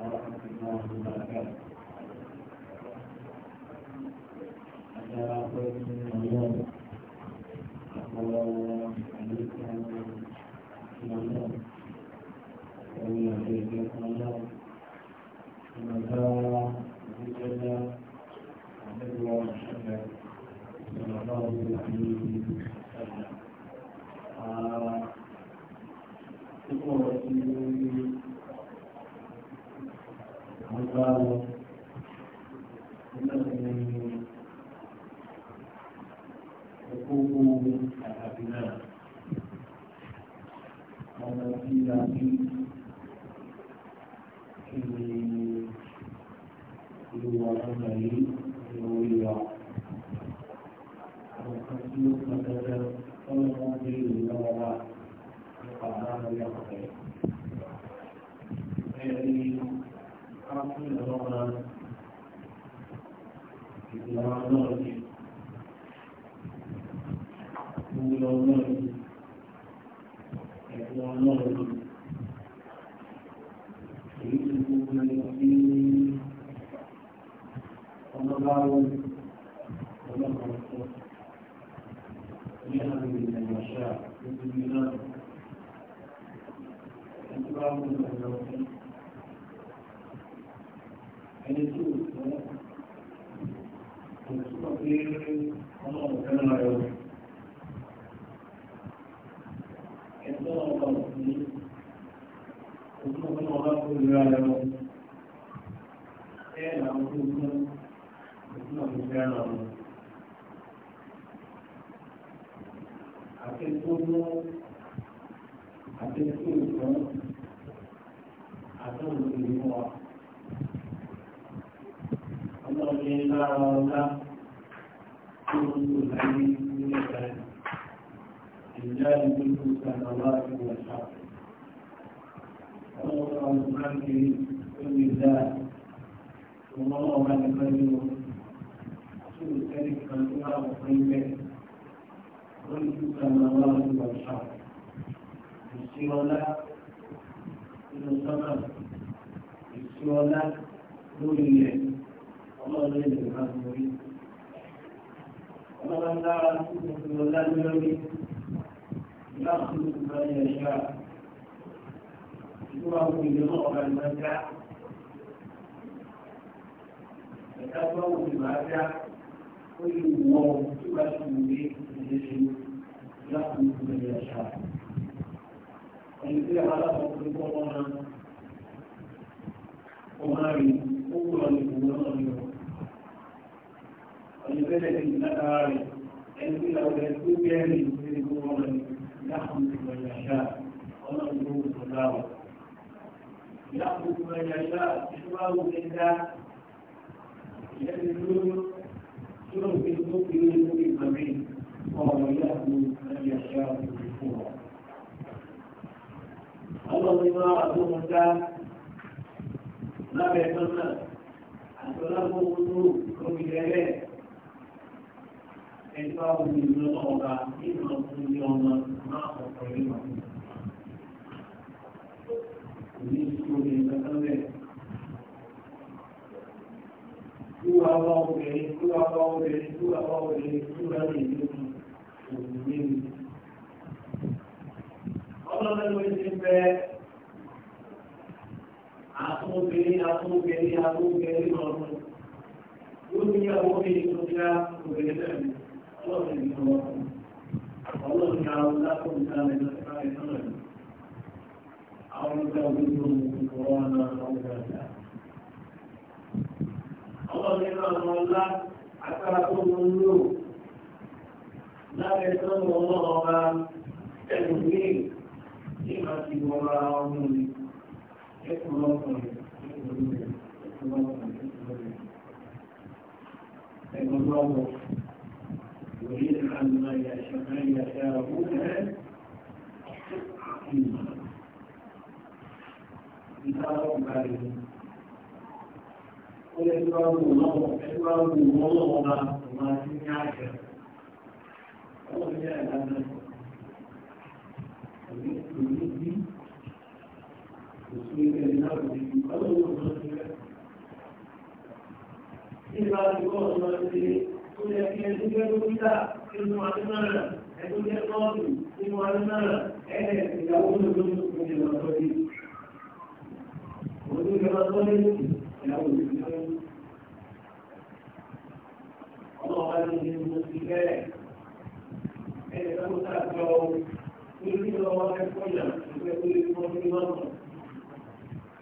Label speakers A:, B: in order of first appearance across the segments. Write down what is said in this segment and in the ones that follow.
A: ورحمة الله وبركاته الله أمر بالله ولا كنت الحميد من البلد لله ملك السماوات والأرض وأمر بالحمد كل الله والله من خير رسول ذلك فالأولى وخيره ملك السماوات والأرض مصير له إلى السماء tí wọ́n lá lórí rẹ̀ ọlọ́run lè má lórí. ọlọ́run lára tí wọ́n lá lórí láti lórí máa yẹ ṣá. ìlú àwọn ìlú náà ọ̀gá ìgbà já. ẹ̀ka tó wù ìgbà já ó lè wọ tí wàá ṣe wù ní ìdíje láti lórí máa yẹ ṣá. ẹni tí a bá lábọ̀ pé kọ́ wọn náà. ومالي أولا لكم ولذلك الآية التي لو يكون يعني يقولون يحمد من يشاء ونرجو الصلاة يحمد من يشاء إشباه بالله يدل شرف المؤمن بالمؤمن وهو يحمد من يشاء بالقوة الله ما أظن ذلك lábẹ́ tọ́nà àtọ́lábọ̀ ojú omi rẹ̀ ẹgbẹ́ omi lọ ọba nínú ọdún ní ọmọ máa ọ̀pọ̀ ìwà. Òní ìṣòro ní ìgbàkan bẹ́ẹ̀. Kúwa wá obìnrin, kúwa wá obìnrin, kúwa wá obìnrin, kúwa lè lókun òun léwu. Ọlọ́run ló ti bẹ́ẹ̀ àtúnbẹ̀rẹ̀ àtúnbẹ̀rẹ̀ àtúnbẹ̀rẹ̀ ọdún yóò ní àwọn obìnrin tó já obìnrin náà ní lọ́sẹ̀ ní ọmọkùnrin ọlọ́run ya ọdún látọ̀ ní sáà lẹ́nu sáà lẹ́nu náà ní àwọn ọjọ́ ogun tó ń kú ọwọ́ náà lọ́wọ́ dáadáa ọlọ́run nínú àwọn ọlá agbára tó ń lò lábẹ́ sọ́nù ọlọ́run الله يريد عن ما يشاءون كتابهم عليه قل إكرام الله إكرام الله وما في عشرة وما في عشرة jẹ́ dókítà nínú adúmọ̀ràn ẹni tó jẹ́ nọ́ọ̀sì nínú adúmọ̀ràn ẹni ìyàwó lóṣooṣù fún ìjọba tó dé. Òun ìjọba tó dé ìyàwó lóṣooṣù. Ọlọ́wọ́ ni ní mo ti bẹ́ẹ̀. Ẹni tó kọ́ta jọ níbi lọ́wọ́ ẹ̀kọ́ yà ìgbẹ́ tó lè fọ́ sí lọ́nà.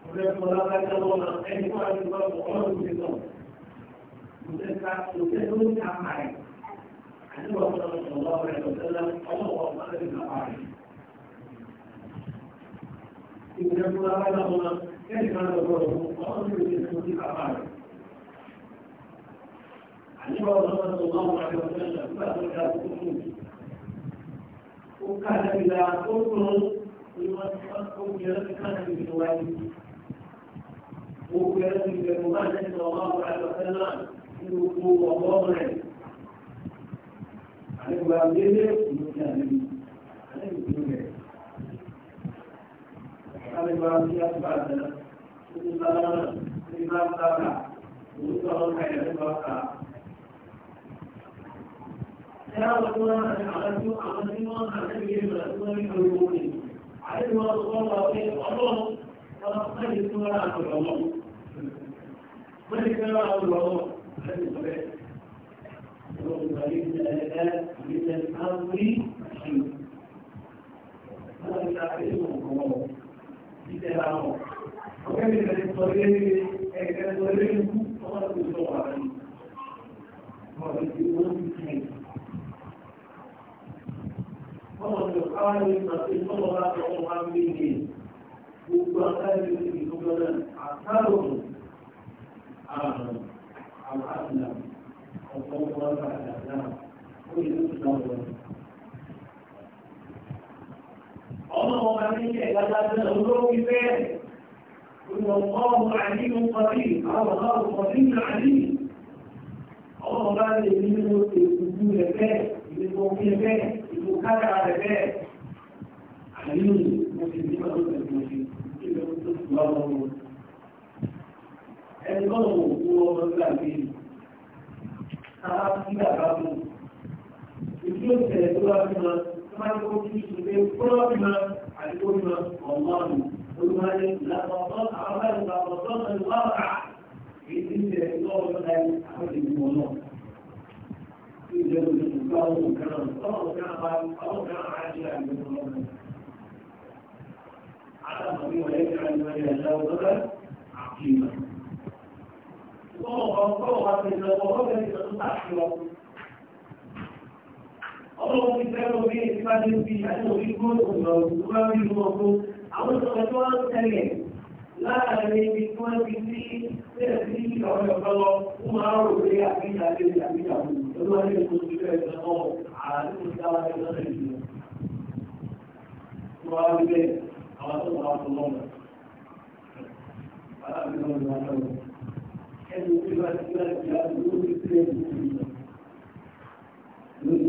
A: Ọ̀rẹ́ ìfọ̀lá bá jẹ́ lọ́nà ẹni tó wà ní lọ́nà ọlọ́run ti lọ. Kò sẹ́ka kò sẹ́ lórí àmà ẹ̀. عن صلى الله عليه وسلم الله أكبر من أفعاله إذا كنت أعلمنا كيف كان الرسول وأمر بالتسليم أفعاله عن الرسول صلى الله عليه وسلم فأخذ الخروج وكان إذا أخرج ويوثقكم بلسانه بالوالد وكان إذا مباشر صلى الله عليه وسلم يقول الله àlẹ́gbà àwọn tó wọ́n rẹ̀ àwọn tí àwọn tí wọ́n rẹ̀ lẹ́gbẹ̀ẹ́ ìrìnà tó wọ́n rí lórí owó ni? Àlẹ́gbà tó wọ́n lọ pé ọlọ́run وليس لك من الأمر شيء هذا تعليمه بكلامه وكذلك للطريق كان طريقه فقط باللغة عليه وبالإيمان بالخير ومن يقال ما في اللغة فهو منه مبارك في لغة عقارهم آمن أو أسلم ọ̀pọ̀lọpọ̀ ọ̀gá àgbà náà ó lè lóṣù náà lọ. ọmọ ọmọ nílẹ̀ lágbàdo olóògbé bẹ́ẹ̀ olùkọ́ àdínú kọfí àwọn ọ̀gá kọfí náà ní ọmọ ọba lè nínú èkúkú rẹ̀ bẹ́ẹ̀ ìlú kọfí bẹ́ẹ̀ ìlú kára rẹ̀ bẹ́ẹ̀ àdínú mo ti ní ọdún tẹ̀sán sí ilé tó ti wá lọ́wọ́ ẹni kọ́ ọ̀gbọ̀n òkú ọmọ sábà tí a bá mú. Ìdí yóò tẹ̀lé tó bá fi mọ, tó máa ní kó kí ní pé kó lọ́ fi mọ àti kó fi mọ ọ̀mọ́ọ̀nù. Olúmọdé làbọ̀tọ́ àwọn ẹ̀rọ làbọ̀tọ́ ẹ̀rọ wàrà. Èyí ń tẹ̀lé tó lọ́ fi láyé àwọn ènìyàn náà. Ìjọba ìjọba ọ̀hún kan náà, ọ̀hún kan náà, ọ̀hún kan náà á ṣe àgbẹ̀wò náà. Àtàwọn ọmọ ìwà ẹ̀ka ìwà ìyàlá ọ̀dọ́dọ́ àfihàn. Ọlọ́run ti fẹ́ lọ bí ìpàdé bí àti orí gbọ́nà ọ̀gbọ́n rí ọgbọ́n. Àwọn ìṣọ̀rọ̀ tó wá ń tẹ́lẹ̀ láàárín ibi tí wọ́n ti sí bẹ́ẹ̀ sí ọ̀rẹ́ ọ̀pọ̀lọ́ fún máa rò pé àbíjà lè rí àbíjà mú ẹni tí wọ́n ti wá ti wá lórí pẹ́ẹ́lú lórí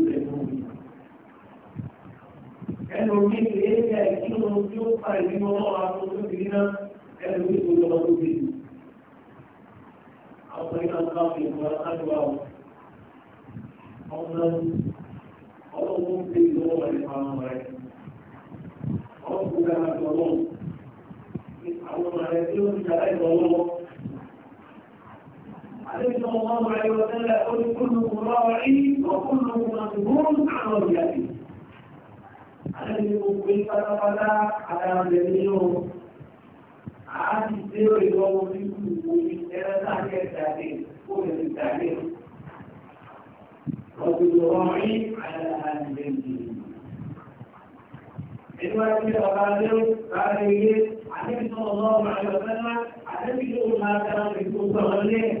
A: pẹ́ẹ́lú ẹnu mi lè yẹ kí wọn tí ó pa ìlú ọmọ àwọn olóbìnrin náà ẹnu mi tó lọ́wọ́ tó bèèrè àwọn ìlú ọmọ àwọn ìlú àdúrà ọmọ ọlọ́wọ́ ń bèèrè lọ́wọ́ rẹ̀ fáwọn rẹ̀ ọkùnrin عليه صلى الله عليه وسلم يقول كلكم راع وكلكم مسؤول عن رعيته عليكم بالفتى على جميعهم عاد السير يقوم منكم إلى تحت التعليم قوة التعليم رجل راعي على أهل بيته إنما في الأبادر فعليه عليه صلى الله عليه وسلم عليه ما كان في كل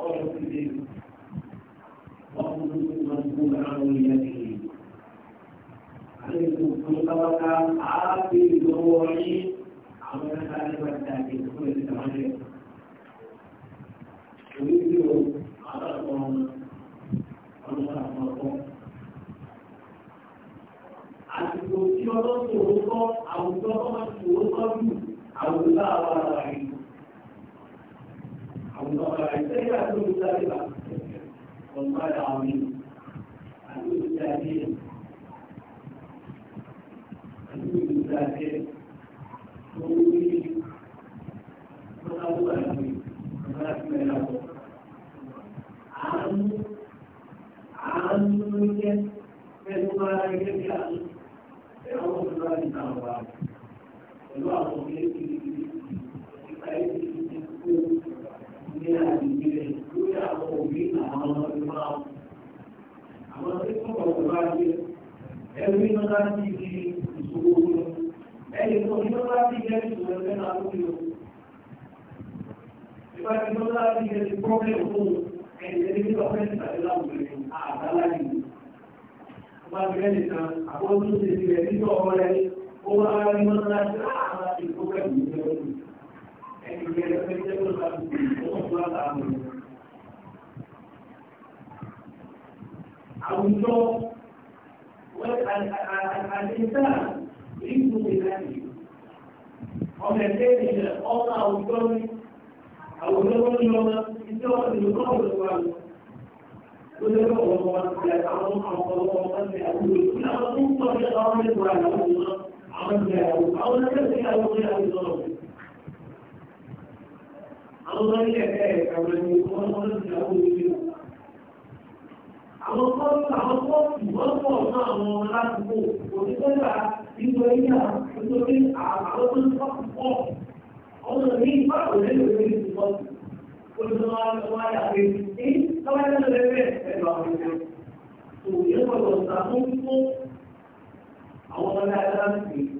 A: قول كبير وقل مسؤول عن يده عليكم سلطة عابد روحي عمل خالف التاكيد كل التمارين ويدعو عطاكم ونصرفكم àsìkò tí ọlọ́sọ̀rọ̀ kọ́ àwùjọ ọmọ ìṣòro kọ́ jù àwùjọ àwọn ará rẹ̀ abu da ba a sai ya zo misali ba wallahi amin a zo misali a zo misali ko wuri ko na zuwa ne ba za su mai rabu an an ne sai kuma ya yi ya sai an wasu zuwa ne ta ní àdìgbélé lórí àwọn òbí àwọn ọmọ tó máa wù. Àwọn tó kọ́ ẹgbẹ́ iná ti di ìṣòro wọn. Ẹni tó ní bá ti jẹ́ ìṣòro ẹgbẹ́ náà ló lò. Ìgbà tí wọ́n bá ti jẹ́ ti pọ́blẹ̀mù fún ẹ̀jẹ̀ ní ọ̀fẹ́ ìtàdé láwùjọ àbáláyé. Wọ́n bá gbé ẹnì kan àwọn tó ti di ẹ̀ nígbà ọ̀rẹ́ ó wá rí mọ́tò láti àwùjọ àdìsán ríkù ìlànì ọmọ ẹgbẹ́ ìṣẹ̀ ọmọ àwùjọ ní àwùjọ wọn ní ọmọ ìṣẹ́ ìlúkọ́ òṣèlú àwọn olóòrò ọmọ wọn ti àwọn ọmọ ọmọ ti àwùjọ ní àwọn tó ń tọ́jú àwọn ẹgbẹ́ ìwà àwọn ọmọ àwọn ìgbéyàwó àwọn ẹgbẹ́ ìwà àwọn ìgbéyàwó àwọn ilẹ̀ ẹ̀kàwẹ̀ ń kọ́ọ̀tù pọ̀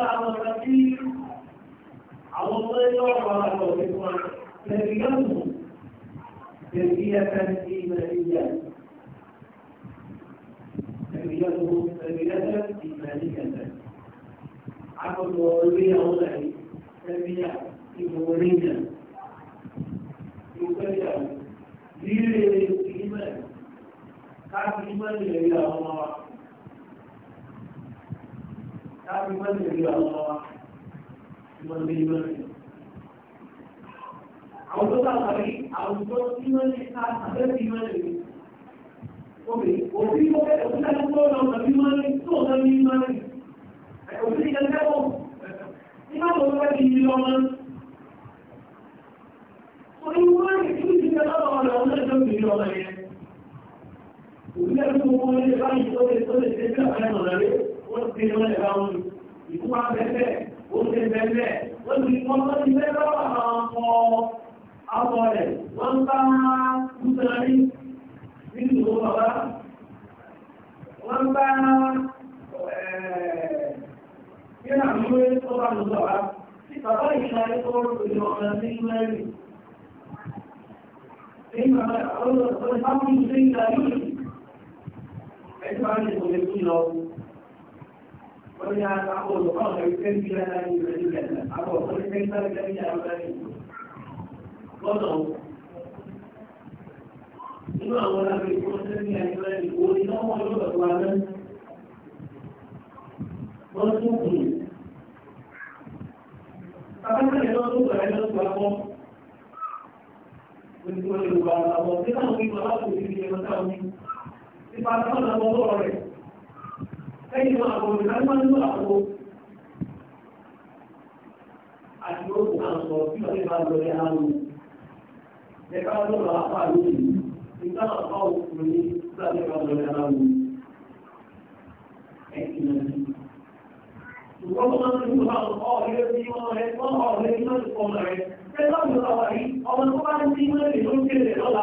A: lára ọ̀rọ̀ tí àwọn ọmọ ẹgbẹ́ ọ̀rọ̀ àgbà òfin fún wa tẹ̀lé yọ̀nù tẹ̀lé ẹ̀ka ní nàìjíríà tẹ̀lé yọ̀nù tẹ̀lé ẹ̀ka ní nàìjíríà àkọ́kọ́ orí àwọn ẹ̀rí tẹ̀lé ìmọ̀ orí ìyà ìgbẹ́ ìyà líle ìmọ̀ káàkiri mọ́ ìlẹ̀ ìyà ọmọ wa. káàkiri wọ́n lè rí àwọn ọmọ wọn Àwọn tó bá wà ní àwùjọ tí wọ́n lè ká àbẹ́bí wọn lè rí. Òbí tó fẹ́ òbí láti tó lọ tàbí máa rí tó ọ̀sán ní máa rí. Òbí ìjẹ́ lẹ́wọ̀. Nígbà tó fẹ́ ọmọ. Orí ọmọ yẹn ó ti lọ lẹ̀ báwọn ìkú wa bẹ́ẹ̀ ó ti lọ wani ya kawo da kawo da kan gida na yi da gida na abu wani kan lẹ́yìn máa bọ̀ nígbà tí wọ́n ń lò àpò àti oògùn náà sọ bí wọ́n lè bá lọ ní àwọn ẹ̀ka lọ́rọ̀ apá lónìí nígbà náà bá òkùnrin ní nígbà tí wọ́n lọ ní àwọn ẹ̀kìn náà ní. Ṣùgbọ́n wọ́n máa ń lò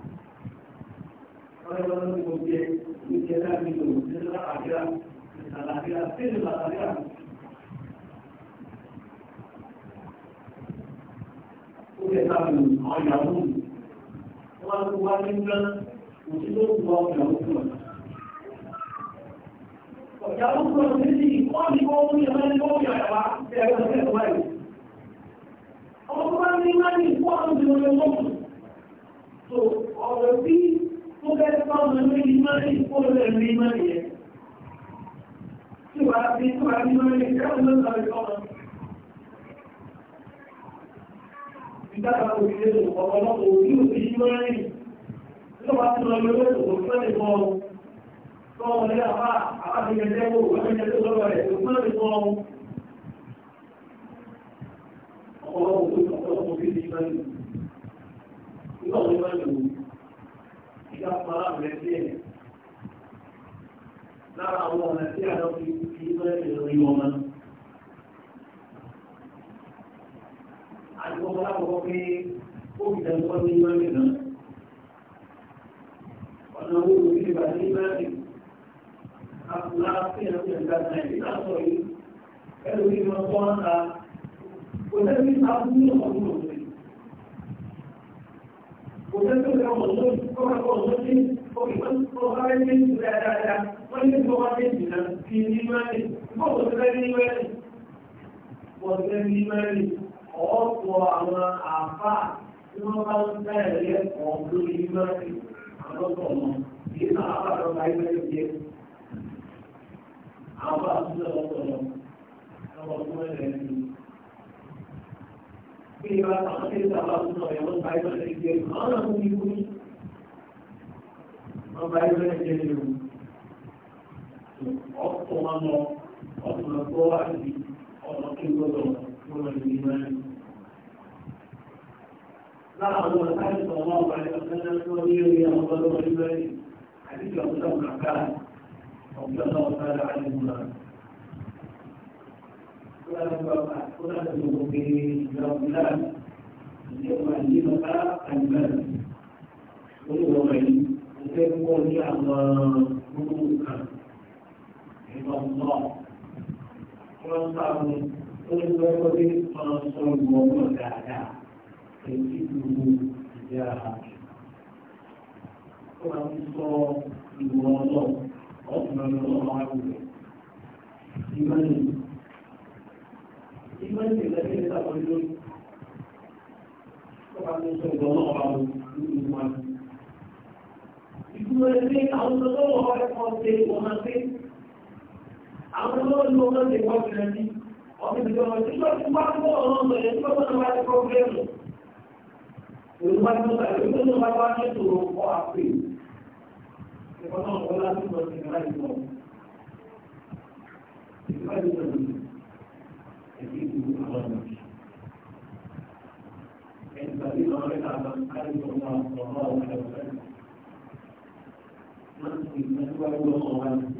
A: Orang itu dia bicara itu, bicara akhirat, bicara akhirat, bicara akhirat. Kita tahu ayam. Orang tua kita mesti tahu ayam tu. Ayam tó bẹ́ẹ̀ bá wọn ní ìmọ̀lẹ́ ìkólẹ̀ ní ìmọ̀lẹ́ yẹn. Tí wàá fi tí wàá ní ìmọ̀lẹ́ ìkẹ́wọ̀n ló lọ ìkọ́ wọn. Ìdára kò ṣe ọ̀pọ̀lọpọ̀ òbí òbí ìmọ̀lẹ́ tó bá tún lọ lọ́wọ́ òkú fẹ́lẹ̀ mọ́ ọ. Tọ́ wọn lé àbá àbájẹ́jẹ́wò àbájẹ́jẹ́ lọ́wọ́ rẹ̀ òkú fẹ́lẹ̀ mọ́ ọ. Ọ̀pọ̀lọpọ̀ òbí ìmọ̀lẹ́ lára àwọn ọ̀nà tí a lọ fi fi mẹ́rin rí wọn mọ́. Àjọ ọmọ lákòókò pé ó fi dẹ̀ wọ́n ní mẹ́rin náà. Ọ̀nà owó ló fi bàtí ní mẹ́rin. Àkùnlá sí ẹ̀rọ ìgbà Nàìjíríà sọ yìí. Ẹ̀rọ ìgbà wọn ta. Kò lẹ́bí ta fún ní ọdún òṣèlú. Kò lẹ́bí ta fún ní ọdún òṣèlú. Kò lẹ́bí ta fún ní ọdún òṣèlú. Kò lẹ́bí ta fún ní ọdún òṣèlú wọ́n ní gbogbo wọ́n ní ìdìnà kí ní mẹ́rì gbogbo tó lẹ́ni mẹ́rì wọ́n lẹ́ni mẹ́rì ọ̀pọ̀ àwọn àfà tí ọ̀pọ̀ ọmọ ọ̀pọ̀ ọ̀pọ̀ àti ọ̀nà kí gbọ́dọ̀ gbọ́dọ̀ ní mẹ́rin. Lára àwọn àìsàn ọmọ ọba ìjọba tó ní orí àwọn ọgbọ́dọ̀ ní mẹ́rin àti ìjọba kàkà ọ̀pọ̀ ọ̀pọ̀ àti ìmúra. Kúrò àti òkè ìjọba ìjọba ìjọba àìmẹ́rin. Olúwọ̀n yìí, ó fẹ́ kọ́ ní àwọn gbogbo kan ìmọ̀ náà wọ́n sáwọn wọ́n rẹ̀ ìmọ̀lẹ̀ ṣe ìwọ̀n máa ṣe àwọn olóòlù ọmọ ti wọ́n ti rẹ̀ sí ọmọ ìjọba tí wọ́n ti wá fún ọ̀rọ̀ ọ̀sẹ̀ yẹn tí wọ́n bá ti pọ́blẹ́mù Yorùbá tó ta ìwé tó bá wá ní ìṣòro kọ́ àpè ẹ̀kọ́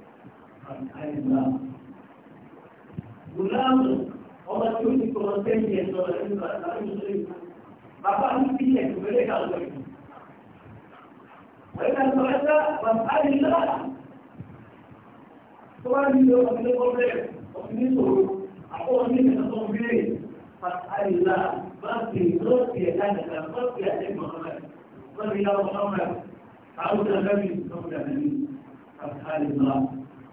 A: عن آل الله غلام ọmọ tí ó ti kọ́ sẹ́yìn ẹ̀ lọ́wọ́ ẹ̀ nígbà láti ṣe é bàbá mi fi ilẹ̀ tó fẹ́lẹ́ kà lọ́wọ́ yìí. Wẹ́n náà sọ ẹ́sà bàbá mi lọ́wọ́ tó bá ní ìlú ọmọ ilé kọ́fẹ́ ọ̀sìn ní sòrò àpò ọ̀sìn ní ìlú ọmọ ilé bàbá mi lọ́wọ́ bá ti lọ́ọ̀tì ẹ̀ka nìkan lọ́ọ̀tì ẹ̀ka ìmọ̀ràn lọ́ọ̀tì ẹ̀ka ìmọ̀ràn àwọn ọ̀dọ́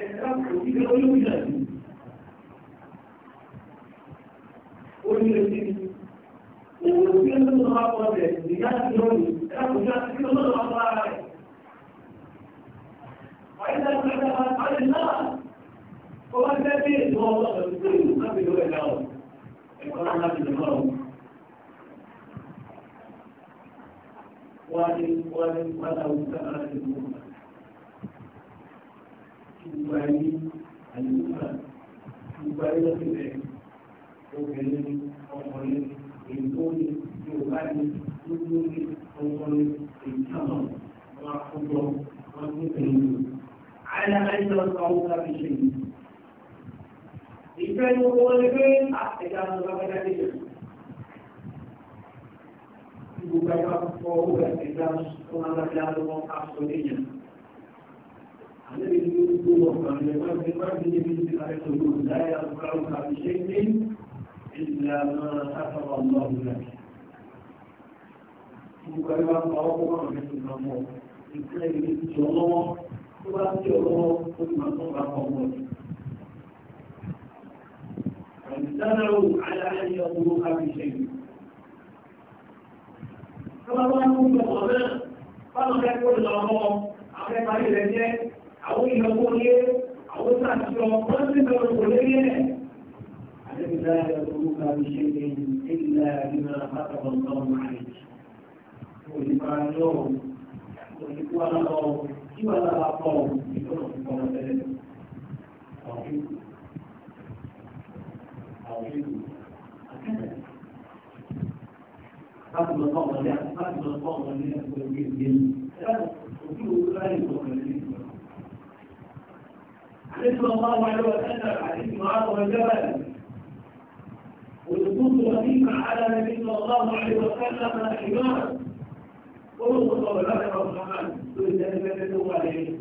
A: وإن ولو كانت المؤمنة gbogbo ayé àyíká gbogbo ayé lọ́sẹ̀ bẹ́ẹ̀ obìnrin ọkùnrin èèyàn ní yorùbá ní gbogbo ní ọkùnrin èèyàn náà wọn àkójọ wọn ní èèyàn. àyà àyà ọ̀sán ọ̀sán fi ṣe yìí. ìfẹ́ ní owó ni pé àtẹ̀dá ló bá bẹ́ẹ̀ dé yẹn. Gbogbo ẹgbẹ́ akọ́kọ́ ó bẹ̀rẹ̀ sí ìdáhùn tó máa ń bá dá lọ́wọ́ aṣọ lẹ́yìn. الذي يقول من لا ينفعك بشيء إلا ما كتب الله لك Ìgbàgbà ọ̀pọ̀ ọ̀rọ̀ mẹ́sìn ọmọ ìpínlẹ̀ ìlú ti ọlọ́wọ́ tó bá tí ọlọ́wọ́ ó ti máa tó bá ọmọ rẹ̀. Àìsánàrò aláàrí ọmọ àbíṣẹ́ yìí. Tọ́lá wá ń kú ọ̀rẹ́ bá lọ fẹ́ kó lọ ọmọ akẹ́kọ̀ọ́ rẹ̀ jẹ́ àwọn ìyàwó yẹ àwọn sàtìyọ wọ́n sì bẹ̀rẹ̀ kò lé yẹ. Àdébí láyé ọdún ká fi ṣe ní ìlà ìlà àpapọ̀ náà máa ń jì. Olùkọ́ àjọ olùkọ́ àlọ́ kí wọ́n lára pọ̀ ìkọ́nà púpọ̀ tẹ́lẹ̀. Àwọn ìlú àwọn ìlú akẹ́kẹ̀ẹ́. Láti lọ fọ́ ọmọdé àti láti lọ fọ́ ọmọdé àti òkè ìgbéni. Láti òkè òkè láyé ìgbọ̀kànlé. صلى الله عليه وسلم حديث معاذ الجبل والوقوف وثيقة على النبي صلى الله عليه وسلم الحمار وهو صلى الله عليه وسلم ولذلك هو عليه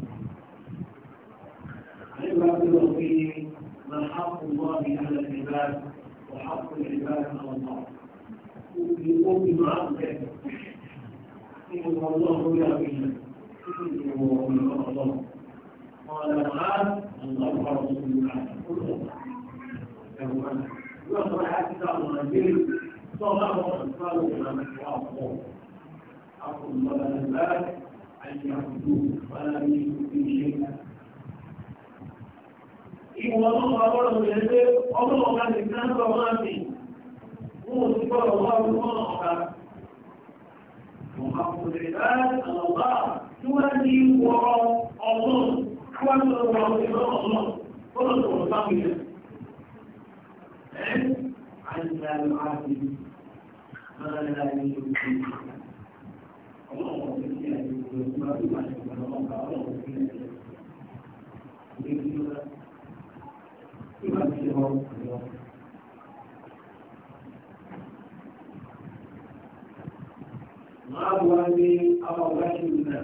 A: عباد فيه ما حق الله على العباد وحق العباد على الله يقوم بمعاذ ذلك إن الله يا بنا إن الله قال معاذ أن الله رسول معاذ قل وقال حتى الرجل صلاه وأنصاره إلى مشواره أقل ولا البال أن يعبدوه ولا يشركوا به شيئا Ìwọ̀n ọlọ́run àwọn ọ̀rọ̀ ìrẹ́lẹ́ ọlọ́run ọ̀gá ti ká ń bọ̀ wọ́n ti mú sí bọ́ọ̀lù wá wọ́n ọ̀gá. Mọ̀ àpòlẹ̀ láti àwọn ọ̀gá tí wọ́n ti wọ ọlọ́run wọ́n ń lọ wọ́n ń lọ ọ̀nà ó lọ sọ̀rọ̀ sáwọn èèyàn. Ẹ́ àìsàn àìsàn àìsàn máa ń ra ẹni tó ń fi ọlọ́run ọ̀sẹ̀ sí àìsàn ìgbà tó máa ń gbà lọ́wọ́ bá ọlọ́run sí ẹ̀jẹ̀. Ìgbé tí ó rà tí wàá fi ọ lọ. Máa wá ní àwọn ọ̀gá ìlú náà.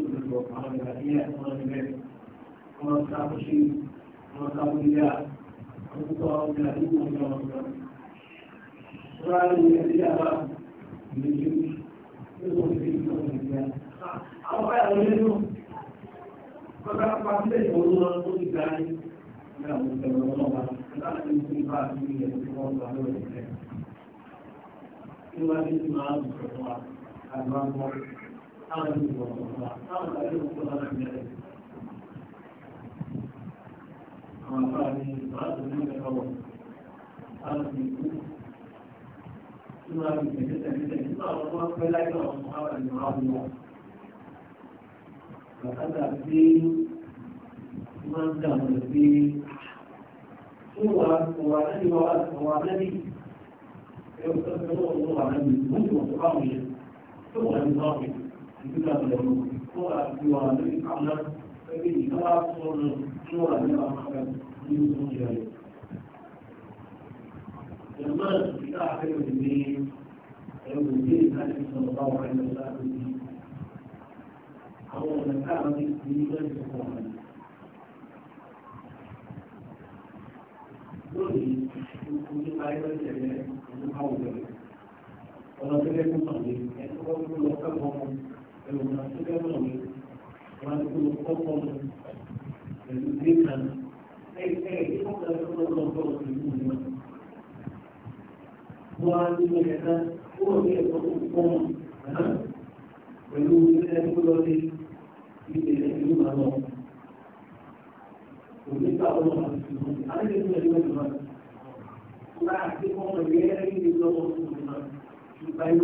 A: lóògbò àwọn ìgbàdíyà tí wọ́n ti bẹ̀rẹ̀. Wọ́n sábúṣe, wọ́n sábúyà, wọ́n tó àwọn ìgbàdíyà tí wọ́n ti bẹ̀rẹ̀. Wọ́n á lè rí àbá ìlú tó ti fi ìlú ọ̀sẹ̀ ìgbà. Àwọn báyà lọ nínú. Kọ́tà pàṣẹ ìwòrán lọ tó ti gbà ní ìgbàmù ìgbàmù ọlọ́wà láti ní bá a ti yẹ kí wọ́n gbà lórí ìgbà. Kí wọ́n ti máa ń sọ̀rọ̀ àgbà wọn. Bàtàdà tí máa ń dàmù sí tí wà wà lẹ́ni wà lẹ́ni ẹ̀rọ tó ń tọ́jú ọ̀rọ̀ wà lẹ́ni mú ìwọ̀n tó bá wù yẹn tó wà ní bá wù yẹn. 你这个，过来，过来，那你干呢？那边人家说是说人家那个有东西的，咱们一大队里面，还有五天他就送到我们三中去，然后我们三中去第一个是他们，这里，福建来的姐姐也是他们的，我说这边不冷的，你看这边这么暖和。Yorùbá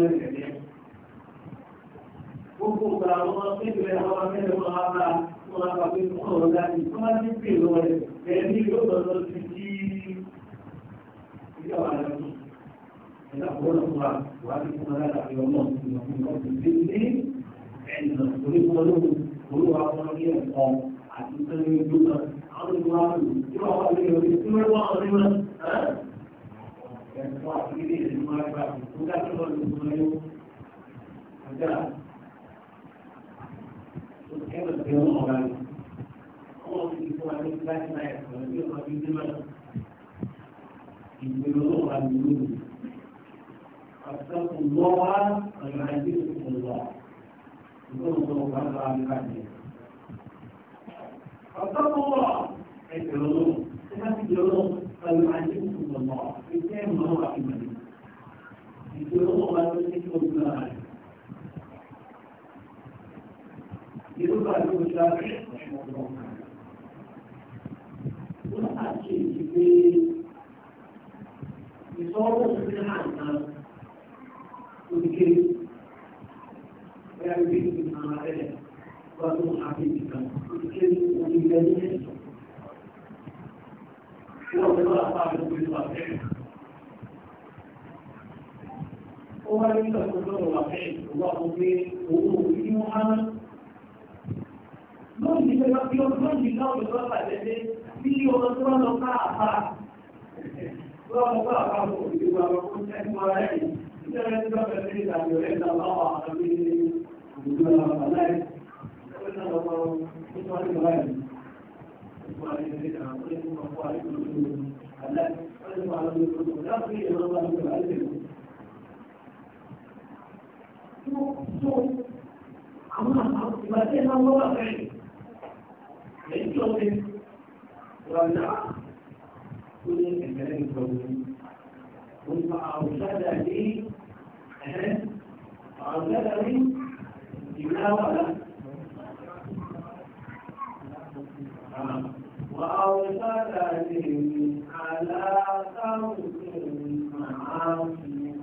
A: tó gbogbo ẹgbẹ́ ọ̀gá rẹ̀ ọmọ mi ti fún wa rẹ̀. Yorùbá ló ń sáré wọ́n àti èyí pé ìsọ́wọ́ sí àná oníkéré bẹ́ẹ̀ bí ìgbìmọ̀ rẹ̀ wọ́n tó àbí ìgbìmọ̀ oníkéré oníkéré ní ẹ̀sọ́. Wọ́n fẹ́ lọ́la fáwọn ìlú ìlú àfẹ́. Ó wá ní ìgbà tó lọ bí ojú òjì náà lọ pàdé dé bí ọmọ tó lọ bá àpá kò sí wà lọ ń lọ wà àbí yìí èyí tó ṣe wà náà tó ní ẹ̀mẹ́rẹ́ ìtọ́jú ثم أرشد لي أرشد لي جناوة وأرشد لي على صوت معاصي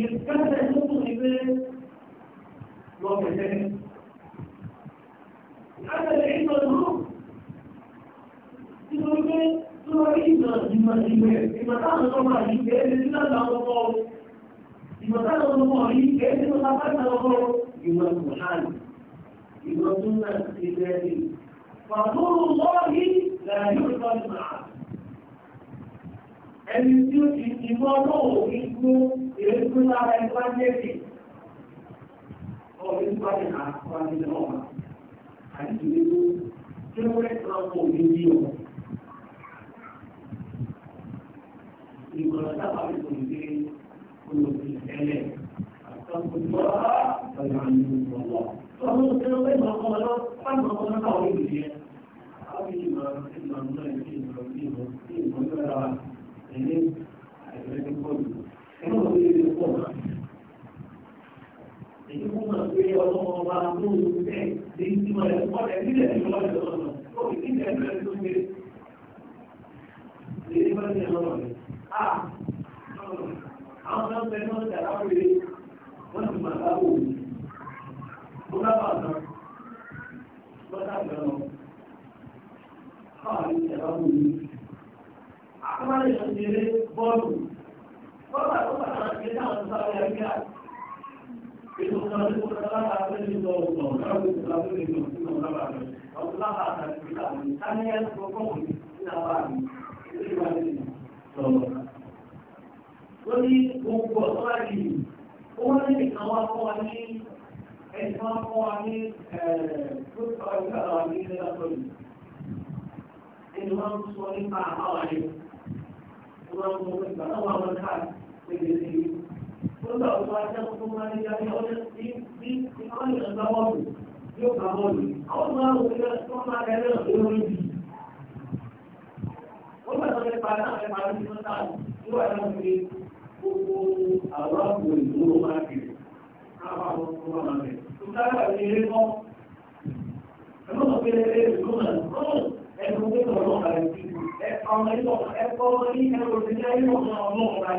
A: إذ كان المطرب وكذلك àtẹ̀lẹ̀ ìmọ̀ ìlú nítorí pé tó ọmọ àyí kẹ́ẹ́ ní láti àwọn ọmọ ìmọ̀ táwọn ọmọ àyí kẹ́ẹ́ ní láti ọmọ ìmọ̀ ìmọ̀hánì èékú lára ẹgbẹ́ jẹ́ àdìgbò Ìgbọ̀nà sábà fi kò ní pé olùkí ẹlẹ̀ àtàkùnjọ́ ọ̀nà àmì ìgbọ̀nà. Tọ́lú tí wọ́n fẹ́ máa kọ́ lọ, fáwọn ọmọ náà kàwé ìlú yẹn. Àwọn ìgbà ìgbà náà ní ìgbà ní ìgbà ní ìgbà ní ìgbà ní ìgbà ní ìgbà ní ìgbà ní ìgbà èyí kò mọ̀ pé ọlọ́mọ ọba tó ń bẹ̀ ní ìtumọ̀ rẹ̀ ọ̀rẹ́ nílẹ̀ ní ọ̀rẹ́ lọ́nà ó fi nílẹ̀ rẹ̀ tó gbé èyí bá ní ọlọ́rọ̀ rẹ̀ á àwọn ọmọ ẹgbẹ́ náà ti àláwọ̀ wọ́n ti máa láwọ̀ òní ó lábàá náà wọ́n dàgbà náà káwọn ti àláwọ̀ òní àkọ́bálẹ̀ ìṣòṣèré bọ́ọ̀lù bọ́ọ̀lù àkọ́bálẹ̀ àwọn ìṣẹ́lẹ̀ àwọn ìṣàlẹ̀ àríyá Lórí gbogbo ọ̀tọ́lá yìí, ó wọ́n ní ìkan wá fún wa ní ẹni wá fún wa ní ẹ̀ẹ́dẹ́gbẹ̀rún ní ẹ̀ẹ́dẹ́gbẹ̀rún. Ẹni wá ń sọ nípa àwọn àyẹ̀wò, àwọn àwọn káàkiri pẹ̀lú nígbà tó bá jẹ́ kó máa ń yá ní ọjọ́ tí tí tí wọ́n yẹ ń gbáwọ́ lù yóò gbà wọ́n lù. Àwọn máa ń wọlé tó máa rẹ̀ náà tó lórí bì. Wọ́n gbà tó lè pa náà lè máa ní sọ́tà tó wà náà pé gbogbo àwọn àpò ìdúró máa bẹ̀rẹ̀. Àwọn àpò ìdúró máa bẹ̀rẹ̀. Tùtà wà ní ilé ẹgbẹ́ ọmọ ilé ọmọ ọ̀pọ̀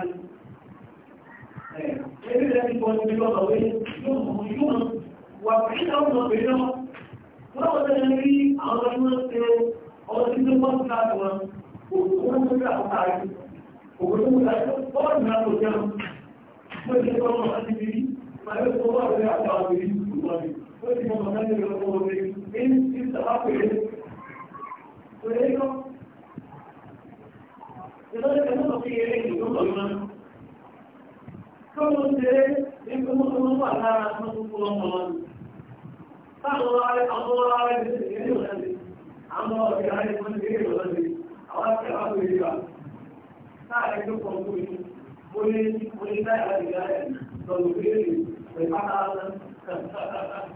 A: الذي هو بالوضعية يومهم يومهم وبعيد أولا بينهم ولو أن النبي على رسول الله سيد الله تعالى وقوم بلا أطاعي وقوم بلا أطاعي ما تجمع وإذا كان الله حسيبي ما يرسل الله بلا أطاعي وإذا كان الله نجل الله بلا إن استحق إليه وإذا كان الله إذا كان الله في إليه يوم الله tó ń ṣe ní gbogbo wà lára tó gbogbo ọmọ wọn. Táwọn ará àwọn ará ẹni ṣe ní ìrọ̀lẹ́ àwọn ọ̀gá ẹni tó ń ṣe ní ìrọ̀lẹ́ àwọn àti àwọn àti ìrìbà. Táàrí tó pọ̀ tó yìí, mo ní mo ní láì láti ìyá ẹ̀ lọ́dọ̀ béèrè pẹ̀lú pátá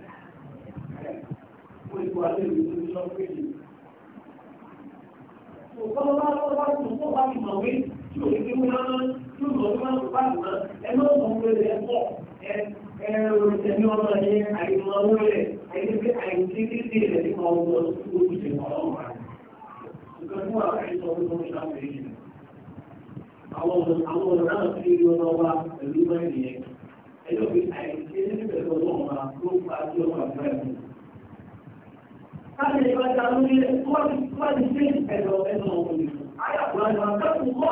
A: Mo ìwà lè rí ní sọ́kùnrin. Òkọ́ lọ́wọ́ lọ́wọ́ tó kọ́ bá mi mọ̀ wí tí ò ní fi wúlọ́ náà tí ò lọ sí máa ń tó báàgì náà ẹni ó mọ̀ pé ẹ pọ̀ ẹ ẹni ọmọ ẹ àìmọ̀ owó rẹ̀ àìsí pé àìsí títí rẹ̀ ní ọmọ ọmọ tó ti ṣe ọmọ ọmọ rẹ̀. Ìgbà fún àwọn àìsàn ọdún tó ń ṣàpèjì rẹ̀ àwọn ọ̀rọ̀ náà fi lọ́wọ́ wa pẹ̀lú mẹ́rin yẹn ẹjọ́ fi àìsí níbẹ̀ lọ́wọ́ wa ló pa sí ọmọ àgbẹ̀ mi. káàkiri ìbájá lórí ẹ̀ kọ́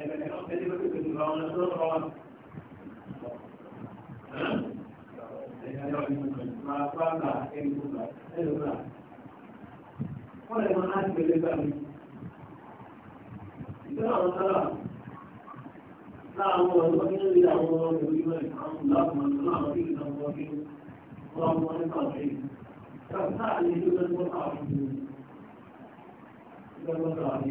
A: Wọ́n lè máa láti pẹ̀lú ẹgbẹ́ mi. Ìjọba àwọn sára láàrín ọ̀rọ̀ nínú ilé àwọn ọmọ ìlú ẹ̀ àwọn ìlàkùnmọ̀ nínú àwọn ìlú àwọn ọmọ ìlú wọn àwọn ọmọ nípa ọ̀sẹ̀ yìí. Ìjọba sáà lè ní ọjọ́ àwọn ìlú. Ìjọba sáà lè.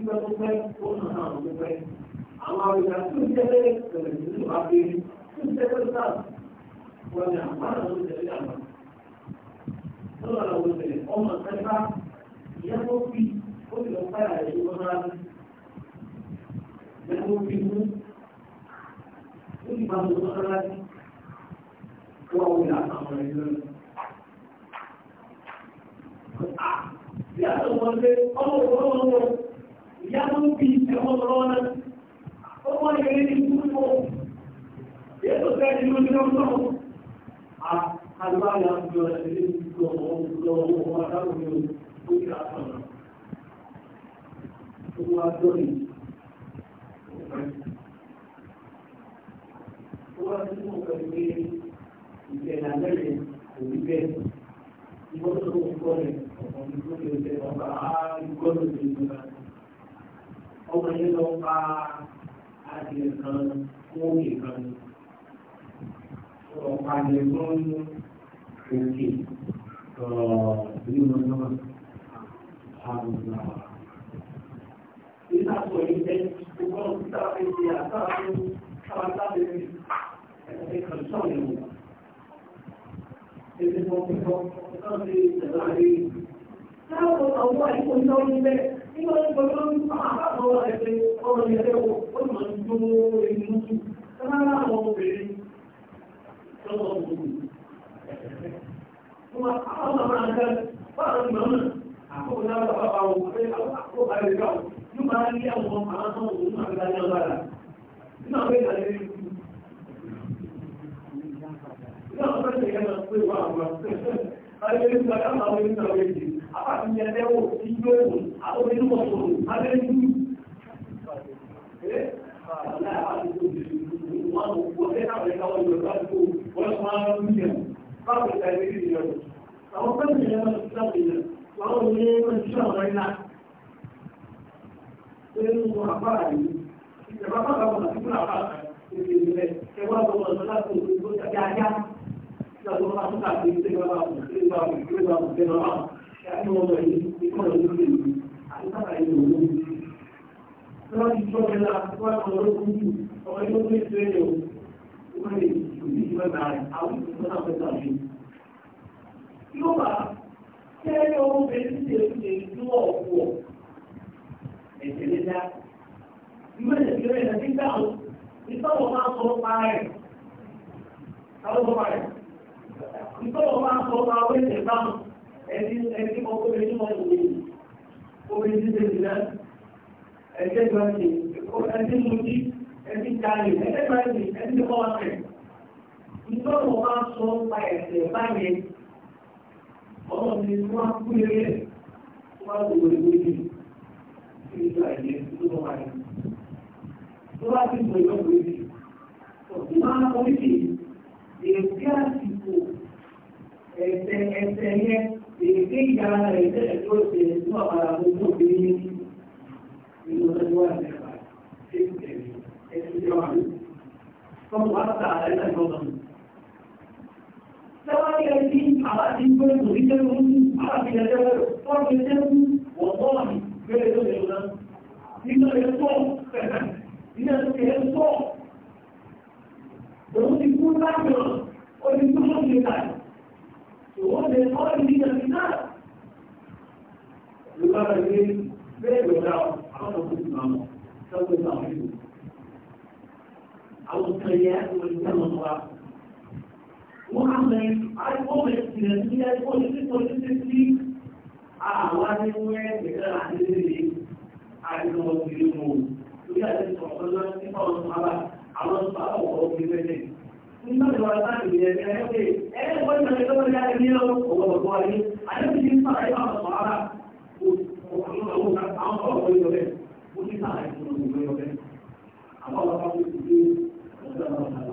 A: nígbà tó fẹ́ tó nà náà ló fẹ́. Àwọn àwòrán tó ń tẹ́lẹ̀ bẹ̀rẹ̀ nínú àbẹ̀rẹ̀ tó ń tẹ́lẹ̀ sáà wọ́n ní àwọn àwọn àwọn ìṣẹ̀lẹ̀ àwọn tó fi wọ́n wọ́n ní àtàwọn ẹ̀ lọ́nà. Ah, bí ọmọ òwúrọ̀ ìyá tó ń fi ẹ̀wọ̀n lọ́wọ́ náà ó wọ́n lè rí ní púpọ̀ yẹ́tò fẹ́ ní lójúmọ́ náà àgbáyà ń yọ ẹ̀rí lọ́wọ́ lọ́wọ́ wọn adáwòye ó kí àtọ̀nà tó wá dọ́rì ó wá sí mọ̀ pẹ̀lú ìjẹ̀lá àpàdé tọ́lọ̀ bá sọ pa ẹ̀sẹ̀ báyẹn ọ̀rọ̀ ni wọ́n á wọ́n á wò ìwé yìí kí tó lọ́ wáyé. tó bá ti mọ ìwé ìwé yìí òtún máa ń kọ́ yìí èké àsìkò ẹ̀sẹ̀ ẹ̀sẹ̀ yẹn èké ìyá ẹ̀sẹ̀ tó ṣe ní ọ̀bàrà gbogbo obìnrin nínú ọjọ́ wà nípa ẹ̀sẹ̀ ẹ̀sẹ̀ wà ní. Tọ́lọ̀ wá sáà ẹ̀sẹ̀ gbọ́dọ̀ Tọ́wọ́ yẹ kí àbá ti gbé ìtòrí tẹ́lú ní àbí ẹgbẹ́ wọ́n fi tẹ́lú wọ̀tọ́ ní bẹ́ẹ̀ tó lè lọ. Nínú ẹ̀ tọ́ pẹ̀lẹ́, nínú ẹ̀ tọ́. Òun ti kú láti ọ̀, ó ti kú lóṣù láì. Òun lè kọ́ ìdí ẹ̀sìn náà. Yorùbá rẹ̀ gbé bẹ́ẹ̀ lọ́dà àwọn ọkùnrin máa mọ̀, tọ́gbẹ́ máa mọ̀. Àwọn kan yẹ wọ́n á mẹ́ àìkọ́mẹ́ ìrẹ̀ sí ẹgbọ́n títọ́ títí sí àwọn adéwẹ́ ìrẹ́ àdéhìí àìsàn òkìrí mọ̀ lórí àdéhìí ọ̀pọ̀lọ́ nípa ọ̀sán àbá àwọn ọ̀sán àwọ̀ òkìrí mẹ́lẹ̀ nígbà tí wọ́n bá ti rẹ̀ ẹgbẹ́ ẹgbẹ́ ẹgbẹ́ ìgbà tí wọ́n bá ti rẹ̀ ọ̀pọ̀lọpọ̀ ọ̀pọ̀ ayé àdéhìí ń sàrẹ̀ àwọn ọ̀sán àbá àwọn ọ̀pọ̀lọpọ̀ ìrọ̀lẹ́ ó ti sàrẹ̀ ìrọ̀lẹ́ àwọn ọ̀pọ̀lọpọ̀ ìrọ̀lẹ́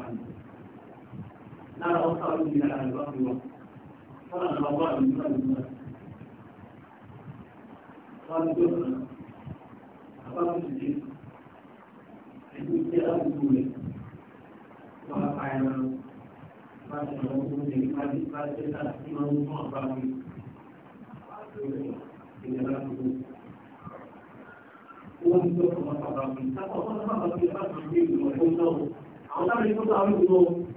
A: قال أوصى به إلى أهل الأرض وقت قال أنا الله من أهل الناس قال دخل أقام الجيش عندي استئذان دولة وقع على ما تشعرون به ما تشعرون به ما تشعرون به ومن ثم فقط فقط فقط في الحج والحمد لله. أو تعرف أن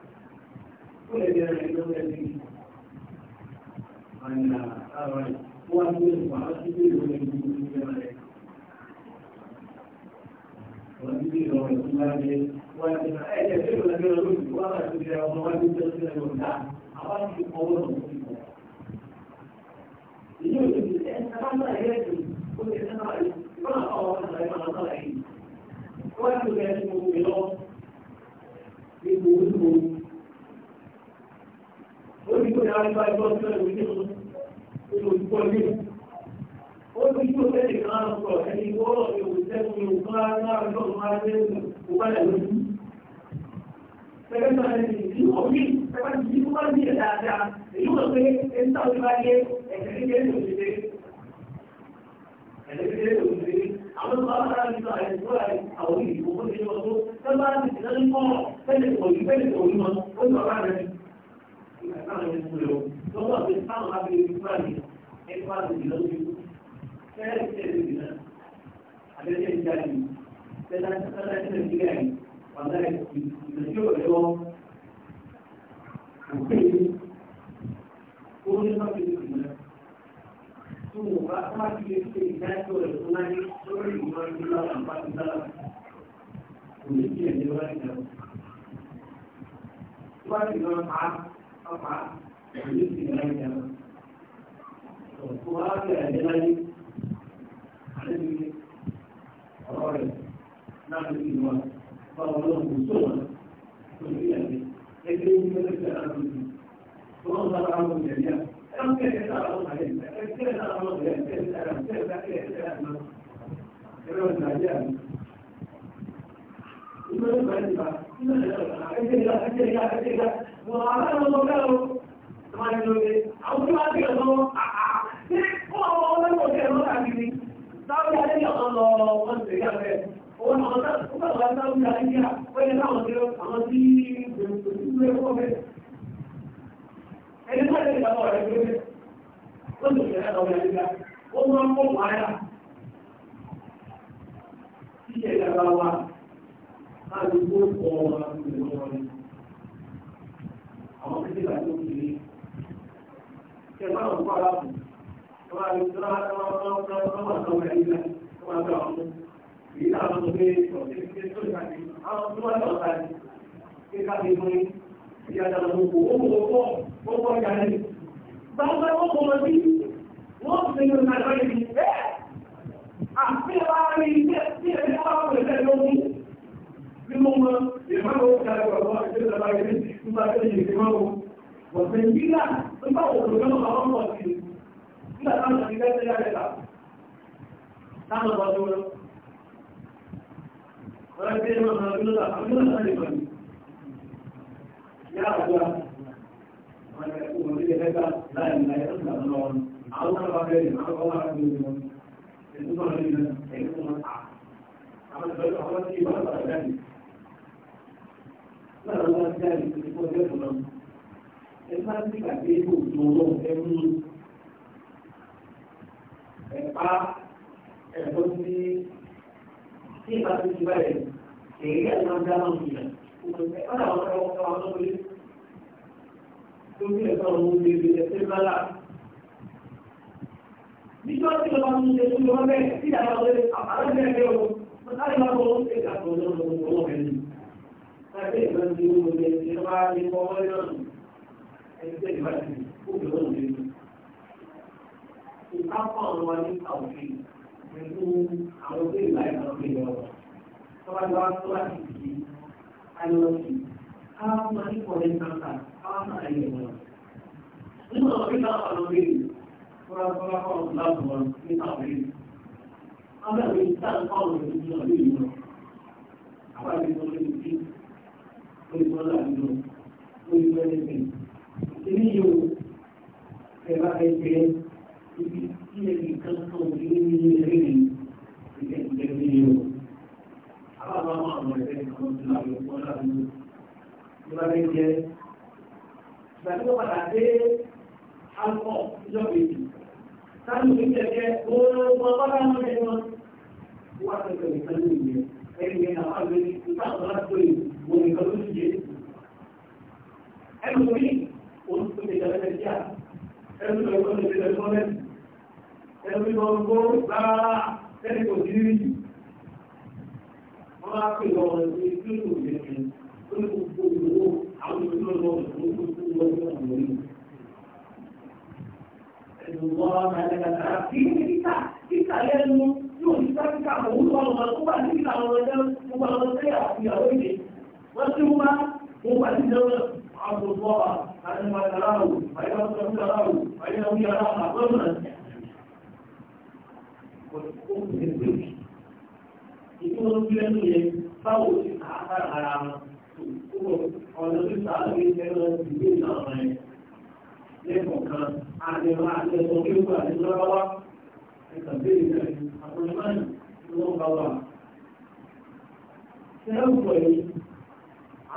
A: kule da rayuwar da ne wanda tsawon kuwa ne ba a cikin wani gudu da mai wani ne da wani kuma ne wani na aiki da wani da wani kuma ba su da wani wani da su da wani a ba su kuma wani mutum ba yau da su ɗan tsawon da ya ce kuma ya tsawon ba a kawo wani rayuwa na tsawon yi wani da ya ce kuma ya bá ẹgbẹ́ ọdún ẹ̀rọ ilé olùkọ́ ilé. Ó ní kí o tẹ́lẹ̀ kan sọ ẹni wọ́rọ̀ ni o tẹ́kùn ní òkú aláàrẹ náà máa lé òkúbalẹ̀ lójú. Pẹ̀lẹ́ta ẹni tí ó rí pẹ̀lá ti kú bá ní ẹ̀dá àdá èyí wọ́n pé ẹni táwọn bá yé ẹ̀jẹ̀ kékeré ló ti dé. Ẹ̀jẹ̀ kékeré ló ti dé. Àwọn tó bá bára ní sọ àyẹ̀kú àwọn ìdìbò bó ti lọ tó tẹ́lá ti ti lẹ́nu kọ́ tẹ́lẹ̀ kò ní táwọn ẹni kú lọ lọ́wọ́ àti táwọn abẹ́rẹ́ ikú àyè ẹni wá ti dìlọ́ sí fẹ́ẹ́ ti tẹ̀lé ìdìlá abẹ́rẹ́ ti jáde tẹ́lá tẹ́lá ti tẹ̀lé ìdílé àyè wà láì ìdọ̀tí ọ̀rẹ́ wọn kò pé ó ní wọ́n ti dìlọ́ tó wọ́n bá wá sí ilé ìdájọ́ rẹ̀ fún láyé lórí ìwọ́n ìdílé àwọn àbájáde náà apa 你们不管你吧，你们来了，哎这个哎这个哎这个，我那么多干喽，他妈的，啊我他妈这个说啊啊，你我我那我这个我干给你，到底还得要到喽，我怎样呗？我脑子我脑子到底还一样，为了让我这个长期没有后悔，哎你看这个老人就是，我怎么来老人家，我他妈不玩了，谢谢大家吧。láti kó pọ̀ wọn láti lè lọ́wọ́ Àwọn títí láti ó kiri. Ṣé ẹ bá wọn kó aláàbò? Wọ́n máa ní sọ́ra wọ́n máa sọ wọ́n ẹ̀yìn láti wọ́n máa gbà wọn mú. Èyí náà lọ pé ọ̀sẹ̀ ti tó ìkàdé. Àwọn tó wá lọ́ta ni. Ṣé ká fi mú ìyá dàgbà gbogbo? Ó mú owó pọ̀, ó mọ́ ìmáwó kàrẹ̀kọ̀ àwọn ìjọba láyé ní bá tẹ́lẹ̀ ìgbìmọ̀ wọ̀sẹ̀ nígbà tó bá òkú lọ́nà àwọn ọmọ sí nígbà táwọn ti lẹ́sẹ̀ yára ẹ̀ta táwọn bá tó lọ. Ọ̀rẹ́ tí ẹ̀rọ náà bí lọ́la àwọn ìjọba náà lè mọ̀ ní. Yára àjọra, ọ̀rẹ́ ẹ̀kọ́ wọn lè lẹ́gbà láì láì ọ̀sán lọ́wọ́ àwọn náà bá bẹ̀rẹ̀ àwọn ọmọ àti ìjọba. Ẹ̀kọ́ wọn lè lẹ́gbà lára wá jáde ìpínlẹ̀ ọjọ́ náà ẹ má ní sí tí ìbá ti ti báyìí èyí máa ń dá àwọn ìyàn ẹ má àwọn ọ̀rọ̀ ọ̀rọ̀ àwọn ọ̀rẹ́ tó ní ẹ̀ka ọ̀rọ̀ òde ìrẹsẹ̀ tẹ́ lálà. Nígbà tí ọba ń ṣe fún ọmọ bẹ́ẹ̀ sí ọ̀rọ̀ ọ̀rẹ́ ẹgbẹ́ ìgbẹ́ ti ń gbogbo ẹgbẹ́ bá ní fọwọ́ lọ́nà ẹgbẹ́ ìgbà tí ó gbé lọ́nà lẹ́nu. ìkápọ̀ àwọn wa ní àwòké pẹ̀lú àwọn ọgbẹ́ ìgbà ìgbà tó yẹ ọ. tọ́ba tó láti fi ayọ̀sí káwá fún wa ní kọ̀ọ̀lẹ́ kankan káwá fún àyè wọn. nínú ọ̀rọ̀ ìgbà àwọn ọgbẹ́ fúra fúra fọ́ọ̀mù láàbù lórí mọ́lá nínú lórí mẹ́lẹ́sì. Èmi yóò ẹ̀rọ ẹgbẹ́ ibi tí ẹni kan kan ní ní ẹ̀rí ni ìgbẹ́ ìgbẹ́ mi yóò. Àwọn àwọn àwọn ẹgbẹ́ kan ti láàyò mọ́lá nínú. Ìgbà mi jẹ́ ìgbà tí wọ́n padà dé alkọ̀ ìjọba èdè. Sáàmù mi jẹ́jẹ́ gbogbo ọgbọ́n láwọn ẹgbẹ́ wọn. Wọ́n á tẹ̀sẹ̀ ìkànnì ìgbẹ́ ẹ̀rí yẹn àwọn àgbẹ̀ mo nìkan ló ti yé ẹnu mi òun tó ti jẹ́ ẹgbẹ́ díà ẹnu mi òun tó ti jẹ́ ẹgbẹ́ ẹnu mi lọ gbó rárá ẹni kò sí rí wọ́n á pè lọ sí kí ló lè fi tó ní gbogbo ìlú àwọn ìlú lọ sí gbogbo ìlú lọ sí ìlú ẹnu wọn á máa lẹ́ka sára kí ní kíkà kíkà lẹ́nu yóò ní sáfíkà òun lọ́wọ́ tó bá ní kíkà lọ́wọ́ ẹgbẹ́ gbogbo àwọn ẹgbẹ́ àti ìyàwó ìdè wasu kuma ko a cikin abubuwa a cikin matalawo a yi wasu matalawo a yi wasu yara a gwamnan ìtumọ̀ tó lẹ́nu yẹn báwo ti kà á ara wọn kúrò ọ̀nà tó sàá lórí ẹ̀rọ ìgbé ìlànà yẹn lẹ́kọ̀ọ̀kan àjẹwà àjẹsọ kéwà àjẹsọ́láwá ẹ̀kàgbé ìrìn àpòlẹ́mọ́nì ló ń bá wà. Ṣé ẹ̀rù pọ̀ yìí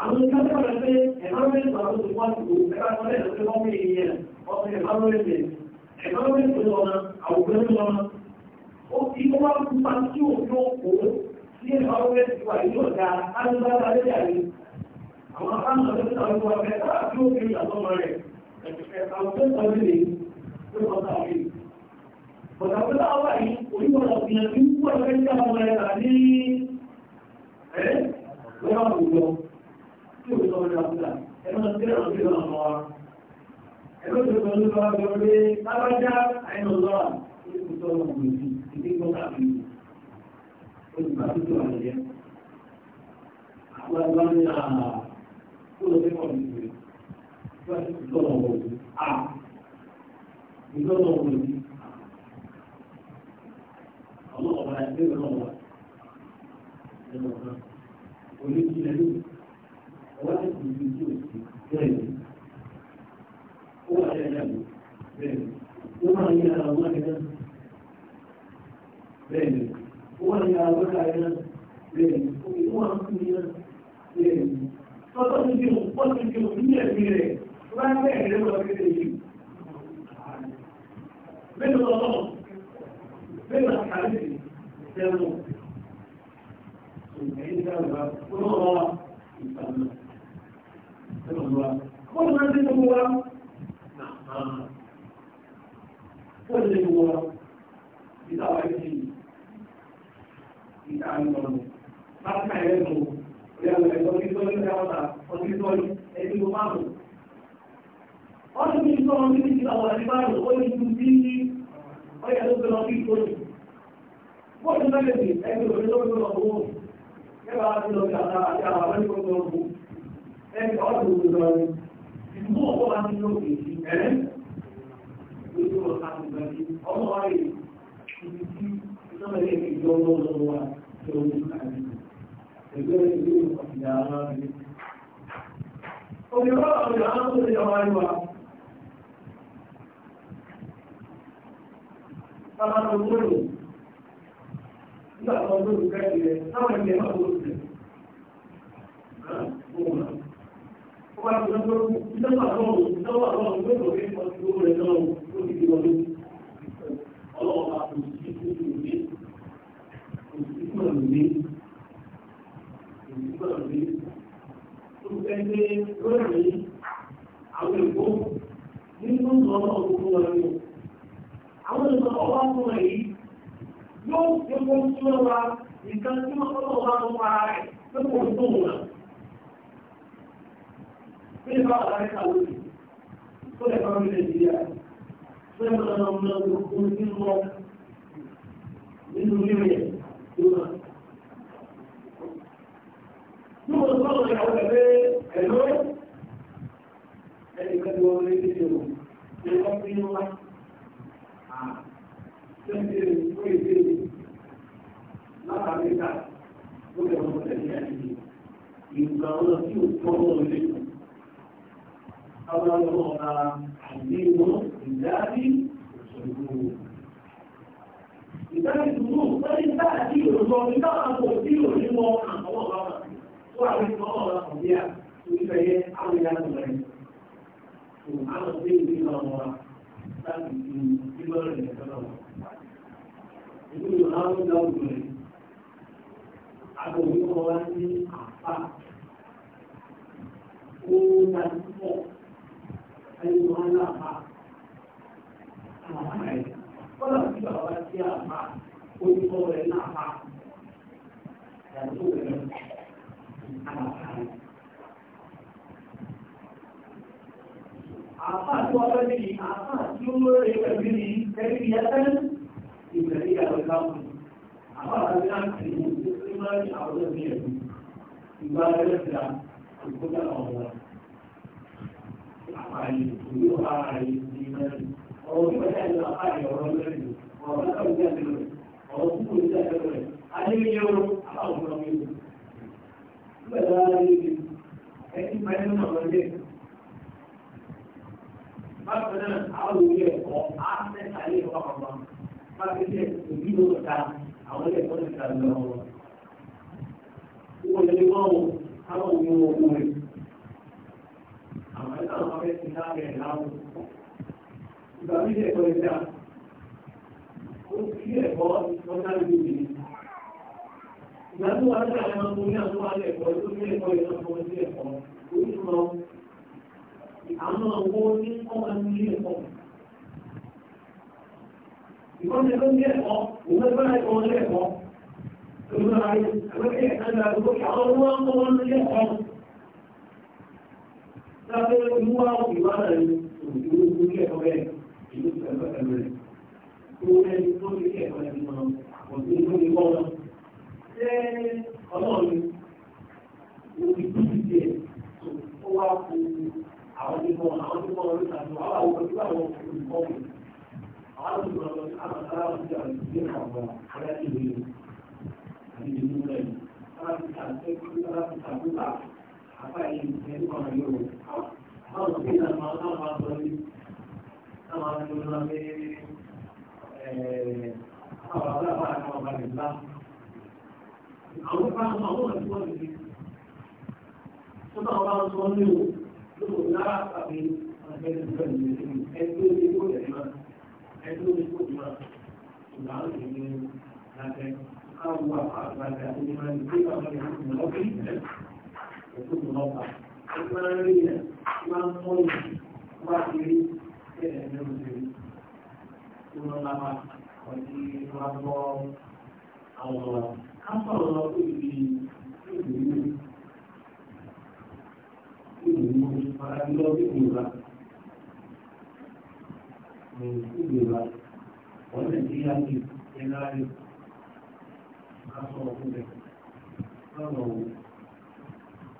A: àwọn ìkàtẹ́ ọ̀rẹ́ pé ẹ̀lọ́rẹ́sì àwọn olùpọ̀tù ẹ̀kọ́ ọ̀rẹ́ ìrọ̀lẹ́ ọmọ ènìyàn ọ̀sẹ̀ ẹ̀lọ́rẹ́sì ẹ̀lọ́rẹ́sì lọ́nà àwùjọ lọ́nà ó ti wá púpá tí ó tó kó sí ẹ̀lọ́rẹ́sì wà ní ọ̀dà alúgbàdà lẹ́yà ni àwọn akánà lọ́sẹ̀ àwọn ọmọ rẹ̀ sábà tí ó fi àtọ́mọ ah, rẹ̀ ẹ̀kọ́ àwọn tó ń sọ tí ẹgbẹ́ tẹ́lẹ̀ ẹgbẹ́ tó sọ ọjọ́ wọ́n ti kù sí òsì bẹ́ẹ̀ ó wà lẹ́yìn àgbò bẹ́ẹ̀ ó wà ní ara wọn lẹ́yìn náà bẹ́ẹ̀ ó wà ní ara wọn lẹ́yìn náà bẹ́ẹ̀ ó wà ń kú ní náà tọ́tọ́ ti di òun pọ́ ti di òun ní ẹ̀mí rẹ̀ wọ́n á bẹ́ẹ̀ rẹ̀ lọ sí èyí. bẹ́ẹ̀ lọ lọ bẹ́ẹ̀ lọ kàlẹ́ sẹ́wọ̀n. Ìgbà yìí dáhùn wá, ó lọ́wọ́ ìgbà náà. Wọ́n máa ń dé wa. Wọ́n lè wọ ìta wa ti ìta àgbọ̀nù. ẹ̀rẹ́ nù, ìyàwó ẹ̀kọ́ tí tọ́jú ní ọ̀tà, ọtí tọ́jú, ẹni tó máa lò. Wọ́n tún ní sọ́run ní ti àwọn àdìbá ó ní ju bí ní ọyà tó gbẹ̀rọ bí ìtọ́jú. Wọ́n tún mẹ́lẹ̀ ẹgbẹ̀rún lọ́wọ́ lọ́wọ́. Yẹ́n ẹni ọdún lọ ní ìmú ọkọ wa ní lókè sí ẹrẹ lójú ọ̀sán àgbàdì ọmọ wa rè ibi tí sọ́mọlẹ́ ìjọ lọ́wọ́ wa tó ní àyè ẹgbẹ́ ìlú ọ̀sìn àwọn àgbẹ̀. Òmìnira ọ̀sìn àwọn tó ṣe ọmọ ẹni wa. Bàbá tó gbòòrò nígbà tó gbòòrò kẹ́kẹ́ táwọn ẹgbẹ́ máa gbòòrò wọ́n ti lọ́jọ́ kú ìjọba ó fẹ́ gbé tí wọ́n kọ́ lọ́wọ́ bá tó para rẹ̀ lọ́pọ̀ tó wù nípa àlàyé àwọn òbí tó lè fọ́n nílé ìdíyà tó lè fọ́n ọmọ ogun nínú wọn nínú nínú yẹn tó náà. Ní mo sọ ọ̀rọ̀ ìyàwó ẹ̀fẹ́ ẹ̀lọ́ ẹni kẹ́kẹ́ wọn lé ní ìṣòro ní wọ́n fi ń wá. Sẹ́ńtì fún èdè látàrí ká ló lè wọ́n tẹ̀lé àyè ìgbà wọn tí ò tọ́ wọn lé. أولها حليم بالله الصدور لذلك الظروف فإن تأتي الرسول إذا تؤتي الرسول عن الله وعلى الله الطبيعة وإذا هي عمليات الغيب وعلى الدين إلى الله تأتي في بلد يتبوى يقول هذا دولة àgbòmí ọwọ́ ní àpá ó dájú pọ̀ ayé àwọn ọmọ rẹ̀ kọ́lá sí bàbá bá sí àmà orúkọ rẹ̀ náà máa yàtọ̀ rẹ̀ àmàkà rẹ̀. Àfáà tí wọ́n fẹ́ bí àfáà tí ó lórí ẹgbẹ̀rún ní ẹgbẹ̀rún ní ẹgbẹ̀rún ìgbẹ̀rún ìyàwó ìlànà. Àfáà Àwọn ilé wọn àwọn òun ohun àwọn ẹ̀kọ́ ẹ̀dá ó kí ẹ̀kọ́ ọjà lóde yìí ẹ̀kọ́ tó ní ẹ̀kọ́ ẹ̀kọ́ ọmọ sí ẹ̀kọ́ ẹ̀kọ́ ìkọ́ni ló ní ẹ̀kọ́ òun ẹgbẹ́ sáfẹ́ mú àwọn ìwà ní òṣèlú tó ẹ̀kọ́ bẹ́ẹ̀ ìlú ìfẹ́fẹ́ ẹ̀rọ rẹ̀ tó ẹni tó ní ẹ̀kọ́ ẹni mọ́ ọ̀sẹ̀ tó ní kọ́ wọn. ṣé ọlọ́run òbí tó ti tiẹ̀ tó wá fún àwọn tí wọ́n àwọn tí wọ́n rí àjọ àwọn àwọn òbí àwọn olùkọ́ mi àwọn olùkọ́ mi àwọn ará wọn ti àwọn ìdílé àwọn ará ìdílé àti ìdílé mú Àwọn ìfẹ́ àwọn àwọn ọ̀rọ̀ ìwọ́n ti tó bá wọ́n bá ń sọ ní o lóòrò lára tàbí ọ̀gbẹ́ni ìfẹ́ ìlú ẹgbẹ́ orí kò tẹ̀lé máa ẹgbẹ́ orí kò tẹ̀lé máa ìgbà ó lè ní lábẹ́ káwọn àgbàgbà tó ní máa ń gbé àwọn ìlú ìlú ọ̀gbẹ́ ìlú òkú tó lọ pa ó máa ń rí ẹ̀ máa ń mọ́ ìlú máa ti rí bẹ́ẹ̀ ní òṣèré tó lọ lápá ọ̀dí máa gbọ́ àwọn ọ̀rọ̀ ká sọ̀rọ̀ lọ sí ibi ìlú ìlú ìlú ìlú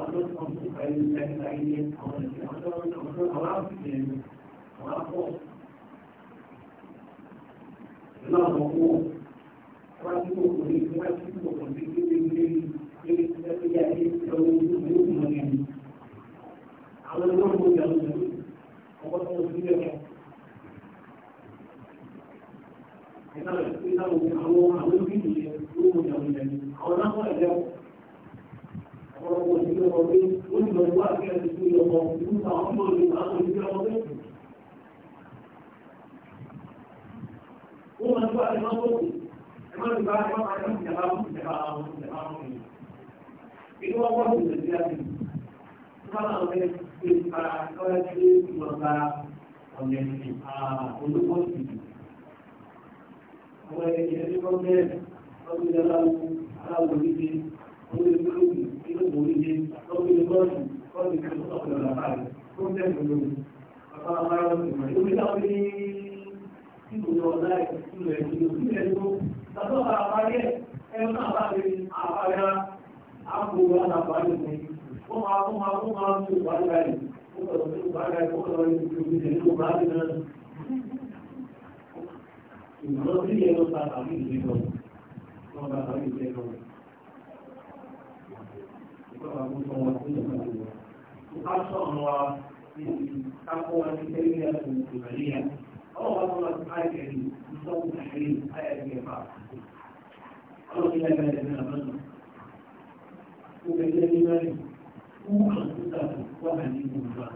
A: àwọn tó kàn sí pẹ̀lú ẹgbẹ́ ilé àwọn ìṣẹ́ àwọn tó ń tó àwọn àbùkù ẹ̀mí àwọn àpọ̀ ìlú àwọn owó wọ́n á tún kò ní wọ́n á tún kò ní kí wọ́n ní ilé ló ta tàbí ìlú lọ wọn ta tàbí ìlú lọ ìjọba tó sọ wọn tó yẹ kí wọn ká sọ ọ̀nà wa ká kó wa ní tẹ́lẹ̀ ní ẹ̀sùn ìgbàlẹ́yà ọwọ́ wa tó wà ní káyọ̀ ní ìsọ́kù àìrí káyọ̀ ní ẹ̀fà ọlọ́run ní ẹgbẹ́ ẹ̀sìn àbọ̀nà kó kẹ́kẹ́ ní mẹ́rin kú àtúntà wà ní ìgbà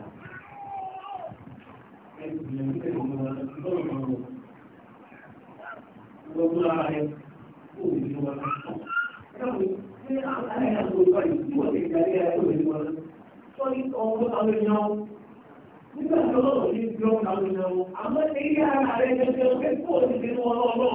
A: ẹ̀sìn ìgbàlẹ́yà lọ́dún ọlọ́run ní bí ọmọ àwọn èèyàn wọn. Àmọ́ ṣe ilé ara rẹ̀ jẹjẹ pé kó o ti fi wọn lọ́wọ́.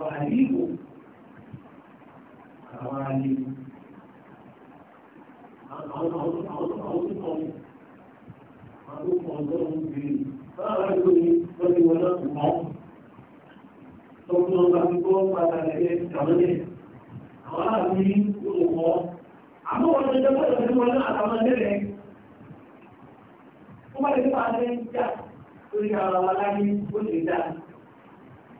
A: wàhálìbò àwọn àlejò àwọn olùkọ́ àwọn olùkọ́ ọlọ́run bìrì báwọn ẹgbẹ́ ni wọ́n ti wọ́n náà kù mọ́ tọ́kùn ọba tó kọ́ padà lẹ́yẹ ìtàlọ́lẹ̀ àwọn àmì olùkọ́ àmọ́ wọn ti dẹ́gbẹ́ ìrọ̀lẹ́ wọn náà àtàwọn ẹlẹ́rẹ́ wọ́n bá lè fà á lẹ́yìn jà lórí ara wa láyé ó lè dáa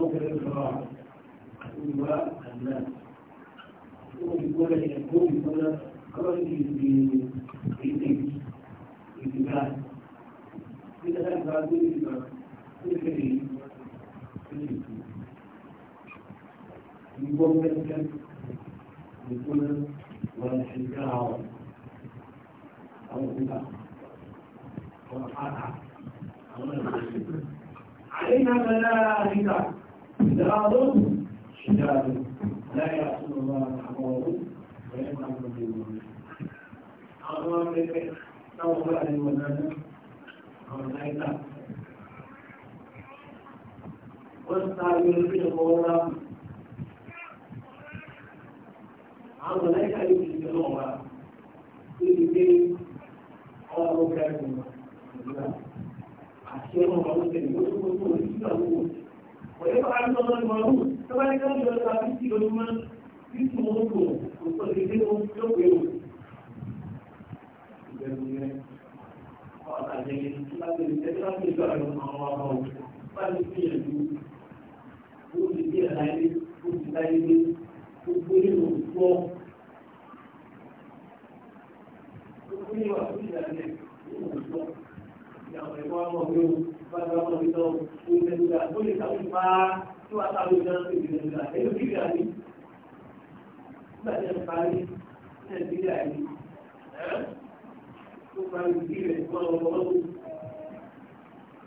A: ركن الفراغ هو الناس يكون يكون يكون كرسي في انتباه إذا كان فاضي في يكون ممكن يكون والحجارة أو الربا أو القطع علينا ملائكة شداد شداد لا يعصون الله أمره ويمنعون دينه أمر بك توبة للمنازل أمر والصابر في الغرام àwọn ọ̀láìka yóò fi ìjọ náà wá lórí pé ọwọ́ àwọn ọ̀gá ẹ̀kọ́ àti ọmọ ọ̀gá ọ̀gá ẹ̀kọ́ tó kọ́ tó kọ́ ويبقى عند الله المعروف كما كان يبقى في علوما في موضوع وصدقهم يوم يوم Thank you.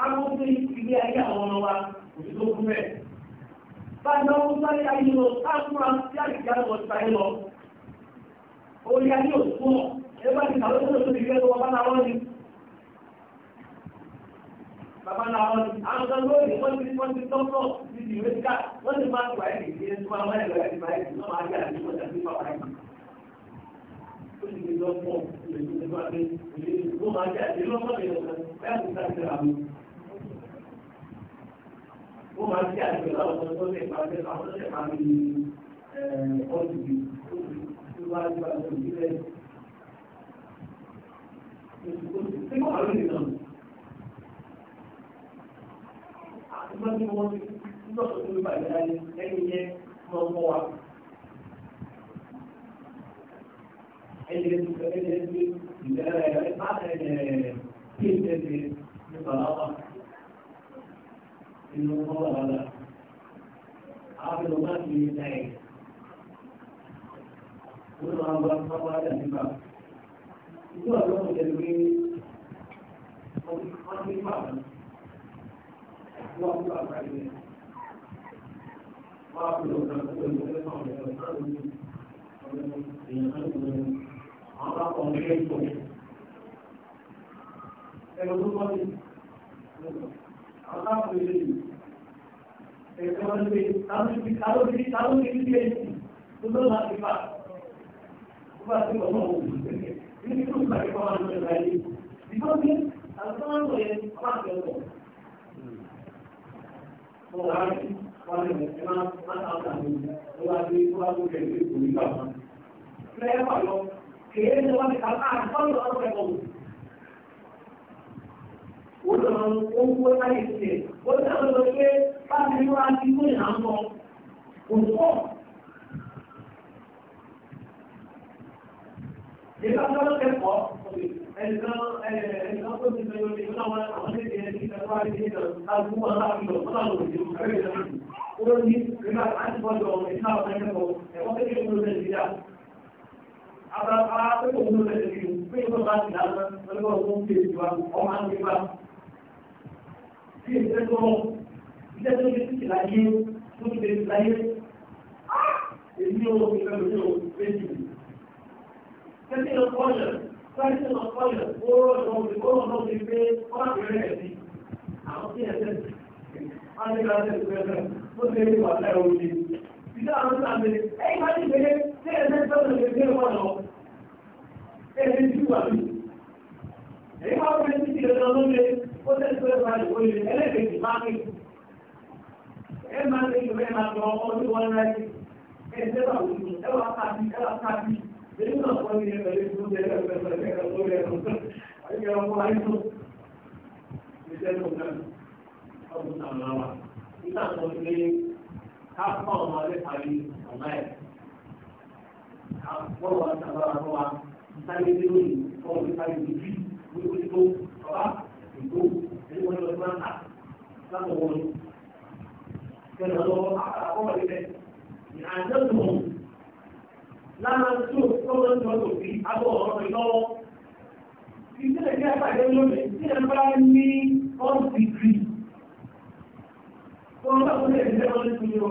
A: káwọn gbé ilé ayé àwọn ọmọ wa òbí tó kú mẹ́ẹ̀. ó sáré ayé lọ káàkúrà sí àyíká lọ sáré lọ. orí ayé òkú ọ̀ ẹgbẹ́ ti kàwé tó lóṣù ìgbẹ́ lọ́wọ́ bá láwọn ni. bàbá láwọn ni àwọn kan ló ní wọ́n ti wọ́n ti tọ́tọ̀ ní ìwé ká wọ́n ti máa gbà ẹ̀ nìyí ẹni tó máa wáyé lọ́wọ́ ẹ̀ nípa ẹ̀ tó máa yà ní ọjà tó máa wáyé Olùdíje lọ́pọ̀ ìrètí ìgbàgbé ìrètí tó máa jáde lọ́pọ̀ ìrètí ẹ̀kú sáà ti rà mí ó máa jẹ́ àjẹ́ láwọn ọmọ tó lè pàdé àwọn tó lè pàdé ní ọdún tó wá ju àjọ ìbílẹ̀. Ṣé wọ́n àlọ́ nìkan? Àtúntò tí wọ́n ti lọ́sọ̀ tó lè pàdé láyé ẹni yẹn lọ mọ́ wa. Ẹni yẹn ti sọ ẹni inú wọn wà àwọn ọmọ ti ta ẹ̀ wọn máa gba pápá dà nípa ìlú àwọn ọmọ ìjẹun pé wọn ti pa àwọn wọn kú àpáyé wọn á kúrò kan kúrò ní ọjọ́ náà lọ́wọ́ náà ló ní èèyàn náà ló ní àwọn bá kọ́ ní ẹ̀kọ́ ẹ̀rọ tó kọ́ ní. Kìí ṣe wọ́n ti kàlá àti fọ́nà ọ̀rọ̀ ẹ̀kọ́ ó lọ owó láyé tiẹ̀ ó lọ lọ pé báyìí wá sí tó yà ń lọ kò pọ̀. Nígbà tó lọ kẹ́kọ̀ọ́ ẹnìkan ẹnìkan tó ti bẹ̀rẹ̀ òní náà wọn àwọn ẹgbẹ́ ẹni tí wọ́n wá sí ìjọ láti wọ́n láti lọ wọ́n láti lọ sí ìjọ ó ní nígbà láti bọ́jọ ìṣá ọ̀sẹ̀ kẹ́kọ̀ọ́ ẹ̀kọ́ tó kéde olóòlù nàìjíríà. Àbàbà pé òun ló lẹ́sẹ̀ kí pé ìwọ́n bá ti dáná lọ́wọ́ òun kéde ìjọba ọmọ àgbẹ̀ sí àwọn tí ẹ̀sẹ̀ ṣe ìfẹ́ rẹ̀ ó ṣe é wà láì òye. Ìdá àwọn tí a bẹ̀rẹ̀ ẹ̀yìn máa ń gbé ṣé ẹ̀sẹ̀ tó lè gbé wọn lọ. Ẹ̀sẹ̀ ti wà mí. Èyí máa ń gbé títí ó tẹ́ tó ẹgbà ìwòye ẹlẹ́gbẹ̀ẹ́jì bá rí ẹ máa ń lè máa lọ ọdún wọn láti ẹgbẹ́ wà wù ú ẹwà kábí ẹwà kábí èyí náà wọ́n ní ẹgbẹ́ lè tó jẹ́ ẹgbẹ́ lórí ẹ̀rọ lórí ẹ̀rọ ẹgbẹ́ ọmọ àìsàn ìṣẹ́ tó náà ọdún náà máa wà nígbà tó ń lé ká fọ́ ọmọ ọdún parí ọ̀la ẹ̀ ká fọ́ ọmọ ọdún parí ọ̀la ẹ̀ ká fọ́ ọmọ ọdún parí ọ̀la ẹ̀ ìgbó ẹni wọ́n lọ máa ń hà láwọn wọn ni. Kẹ̀lẹ́ lọ́wọ́ àkọ́kọ́ ilẹ̀ ní àjọyọ̀ lára tó tọ́wọ́ tó tó fi abọ́ ọ̀rọ̀ lọ́wọ́. Ìṣẹ̀lẹ̀ bí àpàdé lónìí tí ẹ bá ní ọ́n dìgírì. Wọ́n bá wọlé ẹ̀jẹ̀ wọn ní kúnyó.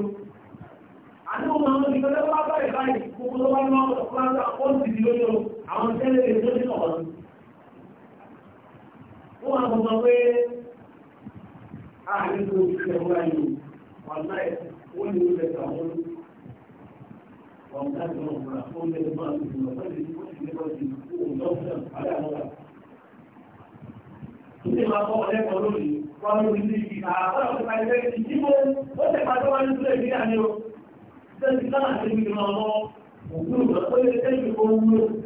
A: Àní wọn máa ń ní kọ́lẹ́ wọ́n bá báyìí báyìí gbogbo wọn máa ń lọ́wọ́ ọ̀pọ̀ àwọn ọ́n dìgírì lónìí o. Àwọn tẹ́lẹ̀ fún àwọn ọmọ pé àárín tó ti fẹ́ wá ní ilẹ̀ tàwọn ọ̀gá tó ń bá ó lè máa ń lò wọ́n lè ó sì lè lọ́ọ́ di òun lọ́sẹ̀ àdá lọ́la. Ìdí máa kọ́ ọ̀lẹ́kọ̀ọ́ lónìí wọ́n lórí ní ibi àwọn ọ̀gá ilé ìdíbò ó tẹ̀ pàtó wá ní sílẹ̀ ìdíyà ni ó. Sẹ́ni sáà ti ń gbìmọ̀ ọmọ òkú ìgbà ó lè tẹ́lẹ̀ owó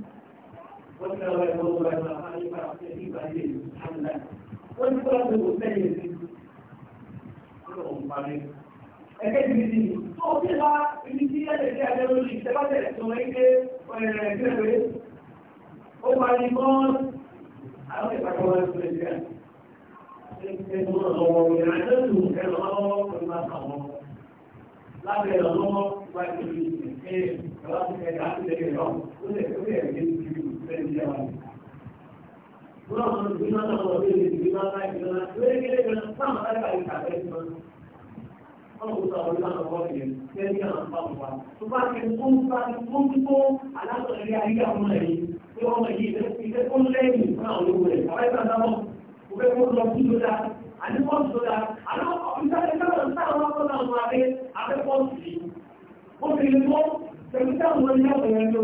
A: وكما يقول لما خالف في بعيد حملا والفرد المسير كلهم قليل ẹgbẹ́ ti di tó o ti bá ibi tí ẹ̀jẹ̀ tí a jẹ́ lórí ìṣẹ́bàtẹ̀ tó ń gbé ẹ̀ẹ́dẹ́gbẹ̀rẹ́ ó parí mọ́ àwọn ìpàdé wọn tó lè jẹ́ ẹ̀ẹ́dẹ́gbẹ̀rẹ́ lọ́wọ́ ìrìnàjò tó ń kẹ́ lọ́wọ́ pẹ̀lú àwọn lábẹ́ lọ́wọ́ wáyé lórí ìṣẹ́ ẹ̀ẹ́dẹ́gbẹ̀rẹ́ Obìnrin mọ́, pẹ̀lú táwọn ọmọ ìyá ọ̀rẹ́ lọ,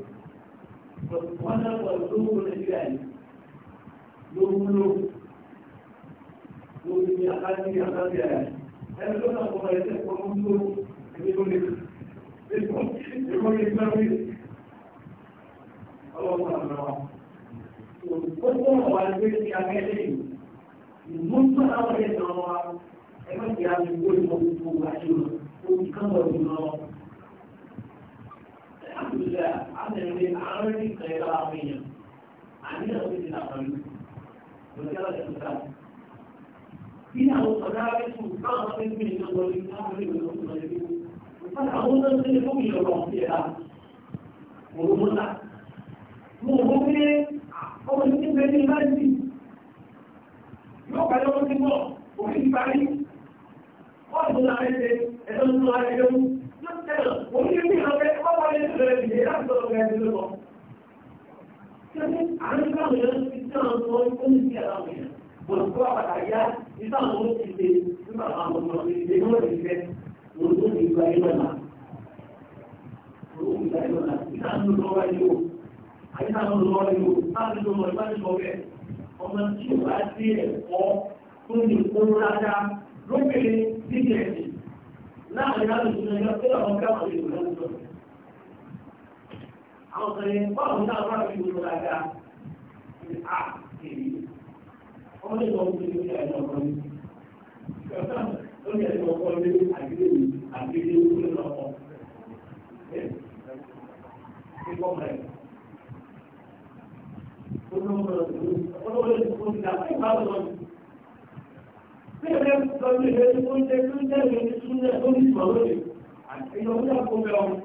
A: wannan kwallo na gida ne lomulom lomi a kan yi a kan yaya ẹni tó náà kọ́kọ́ ẹsẹ̀ kọ́kọ́ ń tó ẹni tó lè ẹ̀kọ́ lè sáré ọlọ́pàá náà gbogbo ọ̀wà ẹgbẹ́ ti akẹ́lẹ́ yìí ìmúntọ́ àwọn ẹ̀sán wa ẹgbẹ́ ti àgbègbè ìmọ̀ gbogbo àjọ òkìkan ọ̀dùn náà alhamdulillah an nemi an da ya gaba a manyan an yi da wani na faru da kyara da kusa ina wasu rari su kan wasu ne da wani kamar da wasu mai biyu kan àwọn tó ń fún ìrọ̀rọ̀ sí ẹ̀dá òun ńlá mo mọ̀ pé ọmọ ní bẹ́ẹ̀ ní láìsí yóò kàlẹ́ ọmọ tí mọ̀ òfin parí wọ́n tó lára ẹsẹ̀ ẹ̀dọ́ tó lára ẹgbẹ́ 我们就为了在八八年这个也让这个来这个说，就是俺们上人这样说，公司也让人，我挂把大家一上楼去的，知道啊，我们没什么问题，我们明白了嘛，我明白了嘛，一上楼说完就，还一上楼说完就，三十多个三十多个，我们去完接我，公司公司大家，如果你理解。láàrin alùpùpù ẹgbẹ́ pé àwọn gáàmà lè wọ́n lọ́wọ́ àwọn kan yẹn báwọn náà wà ní ìlú dáadáa ní a èyí wọ́n lè lọ́wọ́ pé ní ẹ̀rọ ọkọ ní ìjọba ó ní ẹ̀rọ ọkọ ní àgbélé mi àgbélé ó ní ọkọ ní kọ́mọ̀ ẹ̀ olóògbé olóògbé olóògbé olóògbé Bẹ́ẹ̀ ni sọ ní ilé tó ń jẹ́ tó ń jẹ́ ìrìn súnlẹ̀ tó ní ìmọ̀ lórí. Ìjọ ń jẹ́ kó bẹ ọmọ.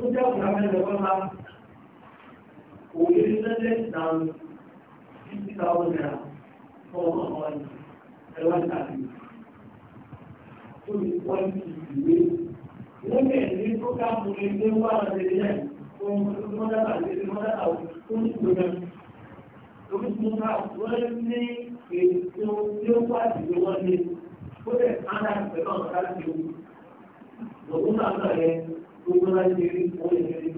A: Ó jẹ́ ọ̀gá mẹ́lẹ̀ wọ́n máa. Kò lè ní lẹ́lẹ́ ìdáhùn fifty thousand naira fún ọmọ ọmọ ẹ̀ ẹ̀rọ ìtàkì. Ó ní pọ́ìntì ìwé. Wọ́n kẹ̀ ní tó ká mú ní ilé wà lórí ẹ̀ tó ń mọ́dá tàbí mọ́dá tàbí tó ń gbọ́dọ̀. Lórí tó ń ká wọ́n ní ètò tí ó wá sí wọn ní ó lè kára pẹ̀lú ọ̀gá tí ó lòun náà náà yẹ gbogbo náà ṣe rí owó ìṣe rí.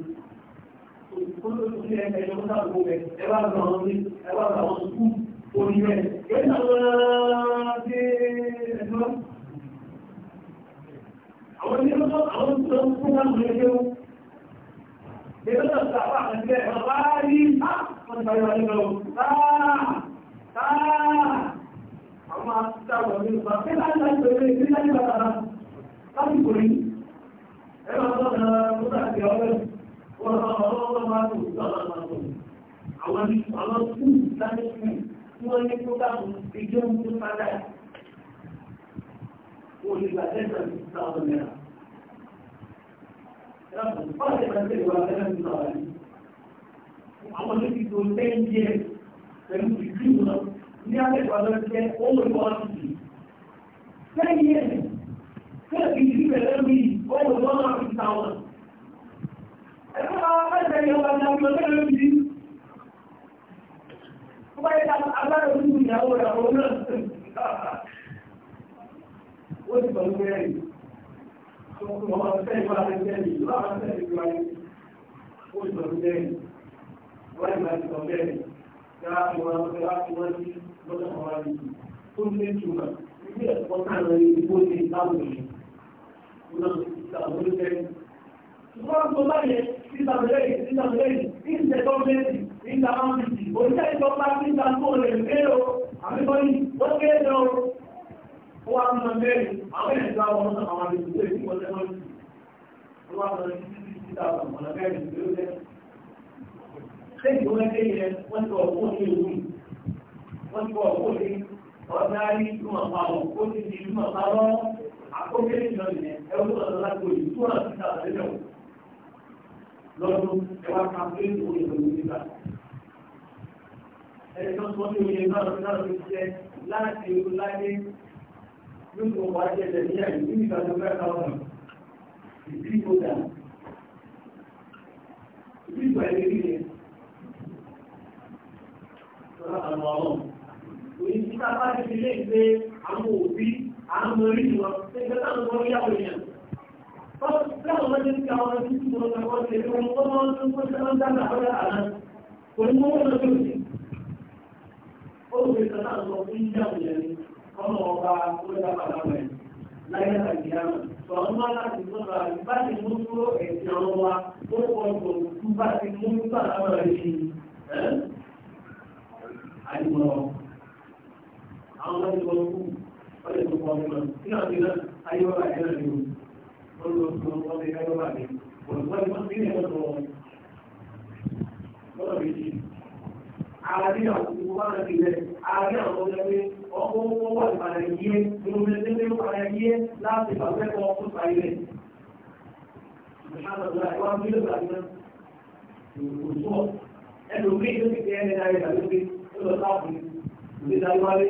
A: Olú tó ṣe ẹgbẹ́ ìjọba náà kó bẹ̀ ẹ bá gba àwọn ní ẹ bá gba àwọn sùkú orí rẹ̀. Yẹ́n náà wá sí ẹ̀dọ́. Àwọn ilé lọ́wọ́ àwọn tó ń kó náà lè dé o. Ìjọba náà sàpá àti ẹ̀rọ bá rí bá ah, wọn ti bá yọ wá nínú. Ah! àwọn akẹ́kọ̀ọ́ ní ìgbà pé láti láti pẹ̀lú ìgbé láti bàtà láti kò ní ẹ̀rọ ọ̀dọ́dà lọ́dà àti ọ̀rẹ́ wọ́n lọ́wọ́ lọ́wọ́ máa tó lọ́dà máa tó àwọn ní àwọn tún láti fún tí wọ́n ìgbà ní akẹ́kọ̀ọ́ jẹ́ owó ìwọ́sì. Lẹ́yìn ẹ̀ kẹ́ẹ̀kì sí bẹ̀rẹ̀ mi owó lọ́nà ìta Ẹ̀fẹ́ àwọn akẹ́kọ̀ọ́ yẹn wà ní àwọn ọ̀gá ló ti. Wọ́n bá yẹ agbára ojú ìyàwó rẹ̀ àwọn náà. Ó ti bọ̀ lórí ẹ̀yìn. Àwọn ọ̀sẹ̀ Wọ́n ti lọ́dọ̀ ọ̀rọ̀ yìí tó ní ìtumọ̀ ilé ẹ̀kọ́ táwọn ìbò ní yìí lọ́dọ̀ ìtàwọn olóṣèlú. ṣùgbọ́n tó bá yẹ títàmìlẹ́yìn títàmìlẹ́yìn ní ìṣẹ́ gọ́ọ̀mẹ́ntì ní ìtàmọ́mìtì oníṣẹ́ ìjọba ní ìtàkùn olè ń gbé o àbíkọ́ni ó gbé lọ ó wá mọ mẹ́rin àwọn ẹ̀dá ọmọ àwọn àdìsílẹ̀ tí wọ́n tẹ́wọ́n sí ó wá mọ títí títà ọ̀nà mẹ́rin ló jẹ́. ṣé ìwé ẹgbẹ́ wọ́n ti bọ̀ owó lé ọ̀dá rí túmọ̀ pa ọ̀ ó ti di túmọ̀ pa lọ́ akókèrè ìjọ nìyẹn ẹ̀rọ tó lọ́dọ̀ láti òyìn tó náà ti dàgbà lẹ́yìn o lọ́dún ẹwà kan pé owó yẹn lórí nígbà. ẹni tó ń sọ ní náà lọ́dún náà ló jẹ láti ewu láyé lóko wá jẹ tẹ̀lé àyè nígbà tó fẹ́ ká ọ̀nà ìdí ìgbòdà ìdí ìgbà ìdí ìdí òní títà bá ti fi lé ìgbé àwọn òbí àwọn orí wọn ẹgbẹ́ táwọn ọmọ yà wọ èèyàn. Láwọn ọmọ ti ka ọmọ títí wọn ní wọ́n ṣe wọn kọ́ wọn tó ń kọ́ sẹ́wọ́n dáná àwọn àná. Òní mọ́ wọn lọ́dún sí. Ó fi sọ́nà lọ sí ìjà òyìn ni ọmọ ọba ó dá bàbá rẹ̀ láyé àgbéyà sọ̀rọ̀ máa láti sọ̀rọ̀ àgbà tí mo dúró ẹ̀sìn ọ̀rọ̀ wa ó pọ̀ jù bá ti mú bàbá àwọn ẹgbẹ́ ọkùn ọdẹ tó kọ́ ọdún náà ní ọdún náà ayéwọ́lá ẹ̀yẹ́ rẹ̀ ló ń lọ sí ọdún ọdún ayéwọ́lá rẹ̀ olùkọ́ni wọn bí ẹ̀rọ lọ lọ́dọ̀ méjì ààrẹ àkókò wà láti ilẹ̀ ààrẹ àwọn ọlọ́dẹ ọkọ̀ owó wà ìpàdé yíyé ìròyìn ẹgbẹ́ ìpàdé yíyé láti ìpàdé kọ́ ọkọ̀ ìpàdé ẹlòmíì ló ti kẹ́ ẹni náírà ó lọ sáàpù ìgbésà wálé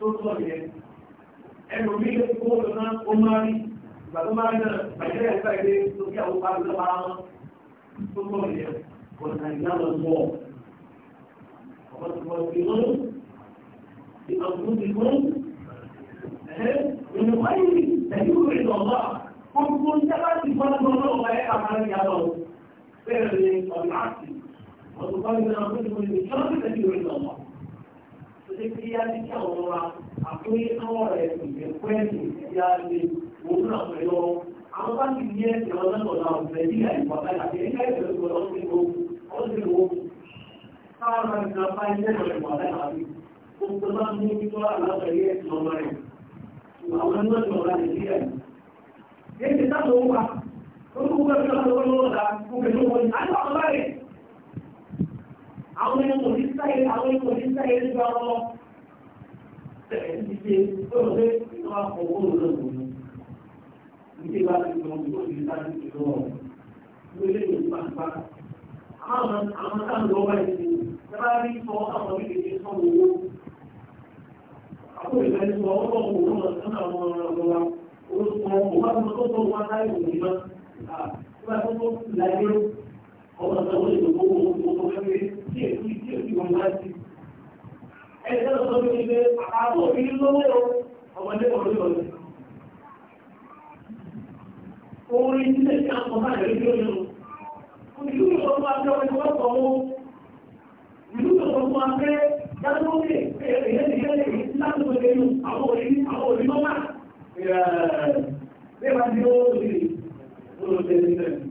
A: tó sọ àwọn pàdé lọ́wọ́ ti fún ẹ̀ẹ́dẹ̀ẹ́dẹ̀ wáyé ẹ̀yìn ṣe kí á ní kí àwọn wa àpé àwọn rẹ̀ ìgbẹ́ pẹ́ẹ́lì tí a lè wọ́n náà pẹ̀lú àwọn bá ti ní ẹ̀sìn ọ̀nà ọ̀nà ọ̀fẹ́ ní àìpọ̀ báyà pé ẹgbẹ́ ìṣẹ̀lẹ̀ tó lọ sí gbogbo ọdún wo káwọn máa ń gba bá ilé ọ̀rẹ́ wà láyà rí ó tó bá mú kí tó wà lábẹ́ ilé ẹ̀sìn ọmọ rẹ̀ àwọn ẹgbẹ́ ọ̀nà ọ̀la nàìjíríà yìí. èyí ti sáà lówó wa ó kú bẹ́ẹ̀ àwọn ẹni kò ní sáyé àwọn ẹni kò ní sáyé nígbà wọn tẹ̀lé ti ṣe lọ́wọ́ pé wọ́n fọ owó lọ́wọ́ ní ṣe bá ti sọ owó ní sáyé ti lọ́wọ́ ní ilé ìwé pàṣípà àwọn àwọn táwọn lọ́wọ́ báyìí ti sábà rí sọ àwọn orí kejì sọ owó àpò ìgbà ní sọ ọwọ́ owó náà sọ àwọn ọmọ wa ó sọ owó wa tó sọ owó wa láì wò ní ma ọmọ tó wọlé tó gbogbo gbogbo lórí tí èkú tí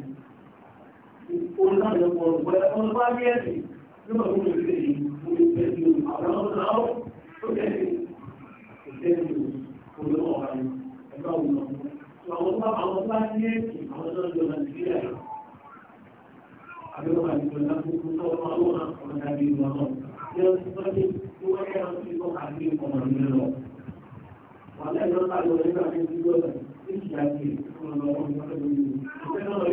A: oníkàlùkù ọ̀gbẹ́ ọlọ́pàá bí ẹ̀sìn nígbà tó lè fi èyí mo lè fẹ́ ju àwọn ọ̀sán àwọn tó tẹ̀lé kò tẹ̀lé olówó ọ̀gá ni ẹgbẹ́ òun lọ. Sọ àwọn ọ̀pá àwọn ọ̀pá ní ẹ̀sìn àwọn ọ̀sán ìjọ Nàìjíríà àbẹ́wọ̀n àti ìjọba gbogbo tó ọmọ àwọn ọmọ ìdájí ìlú ọmọ ní ọdún tó ṣe tó wáyé àwọn tí wọ́n kà sí ọmọ ìlú lọ. Wàhálà ìjọba àlọ́ ẹgbẹ́ àti ìjọba ìjọba ìjọba ìjọba Àwọn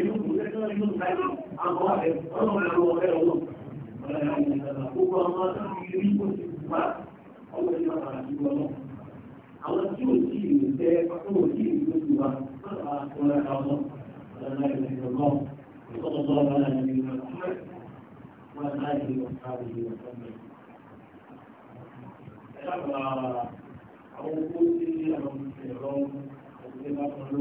A: tí ó sì rẹ̀ tẹ́ ọkọ̀ òjì ìlú wa, ọ̀rọ̀ àwọn ọ̀rọ̀ àwọn ọ̀rọ̀ ìrìnlọ́gbọ́n, ìfọ́gbọ́n ọ̀rọ̀ ìrìnlọ́gbọ́n, wọ́n láì rí ọ̀pá ìrìnlọ́gbọ́n. Ẹ̀lá àwọn ọkọ̀ tí àwọn ìrìnlọ́gbọ́n, ọ̀pẹ́ bá kan ló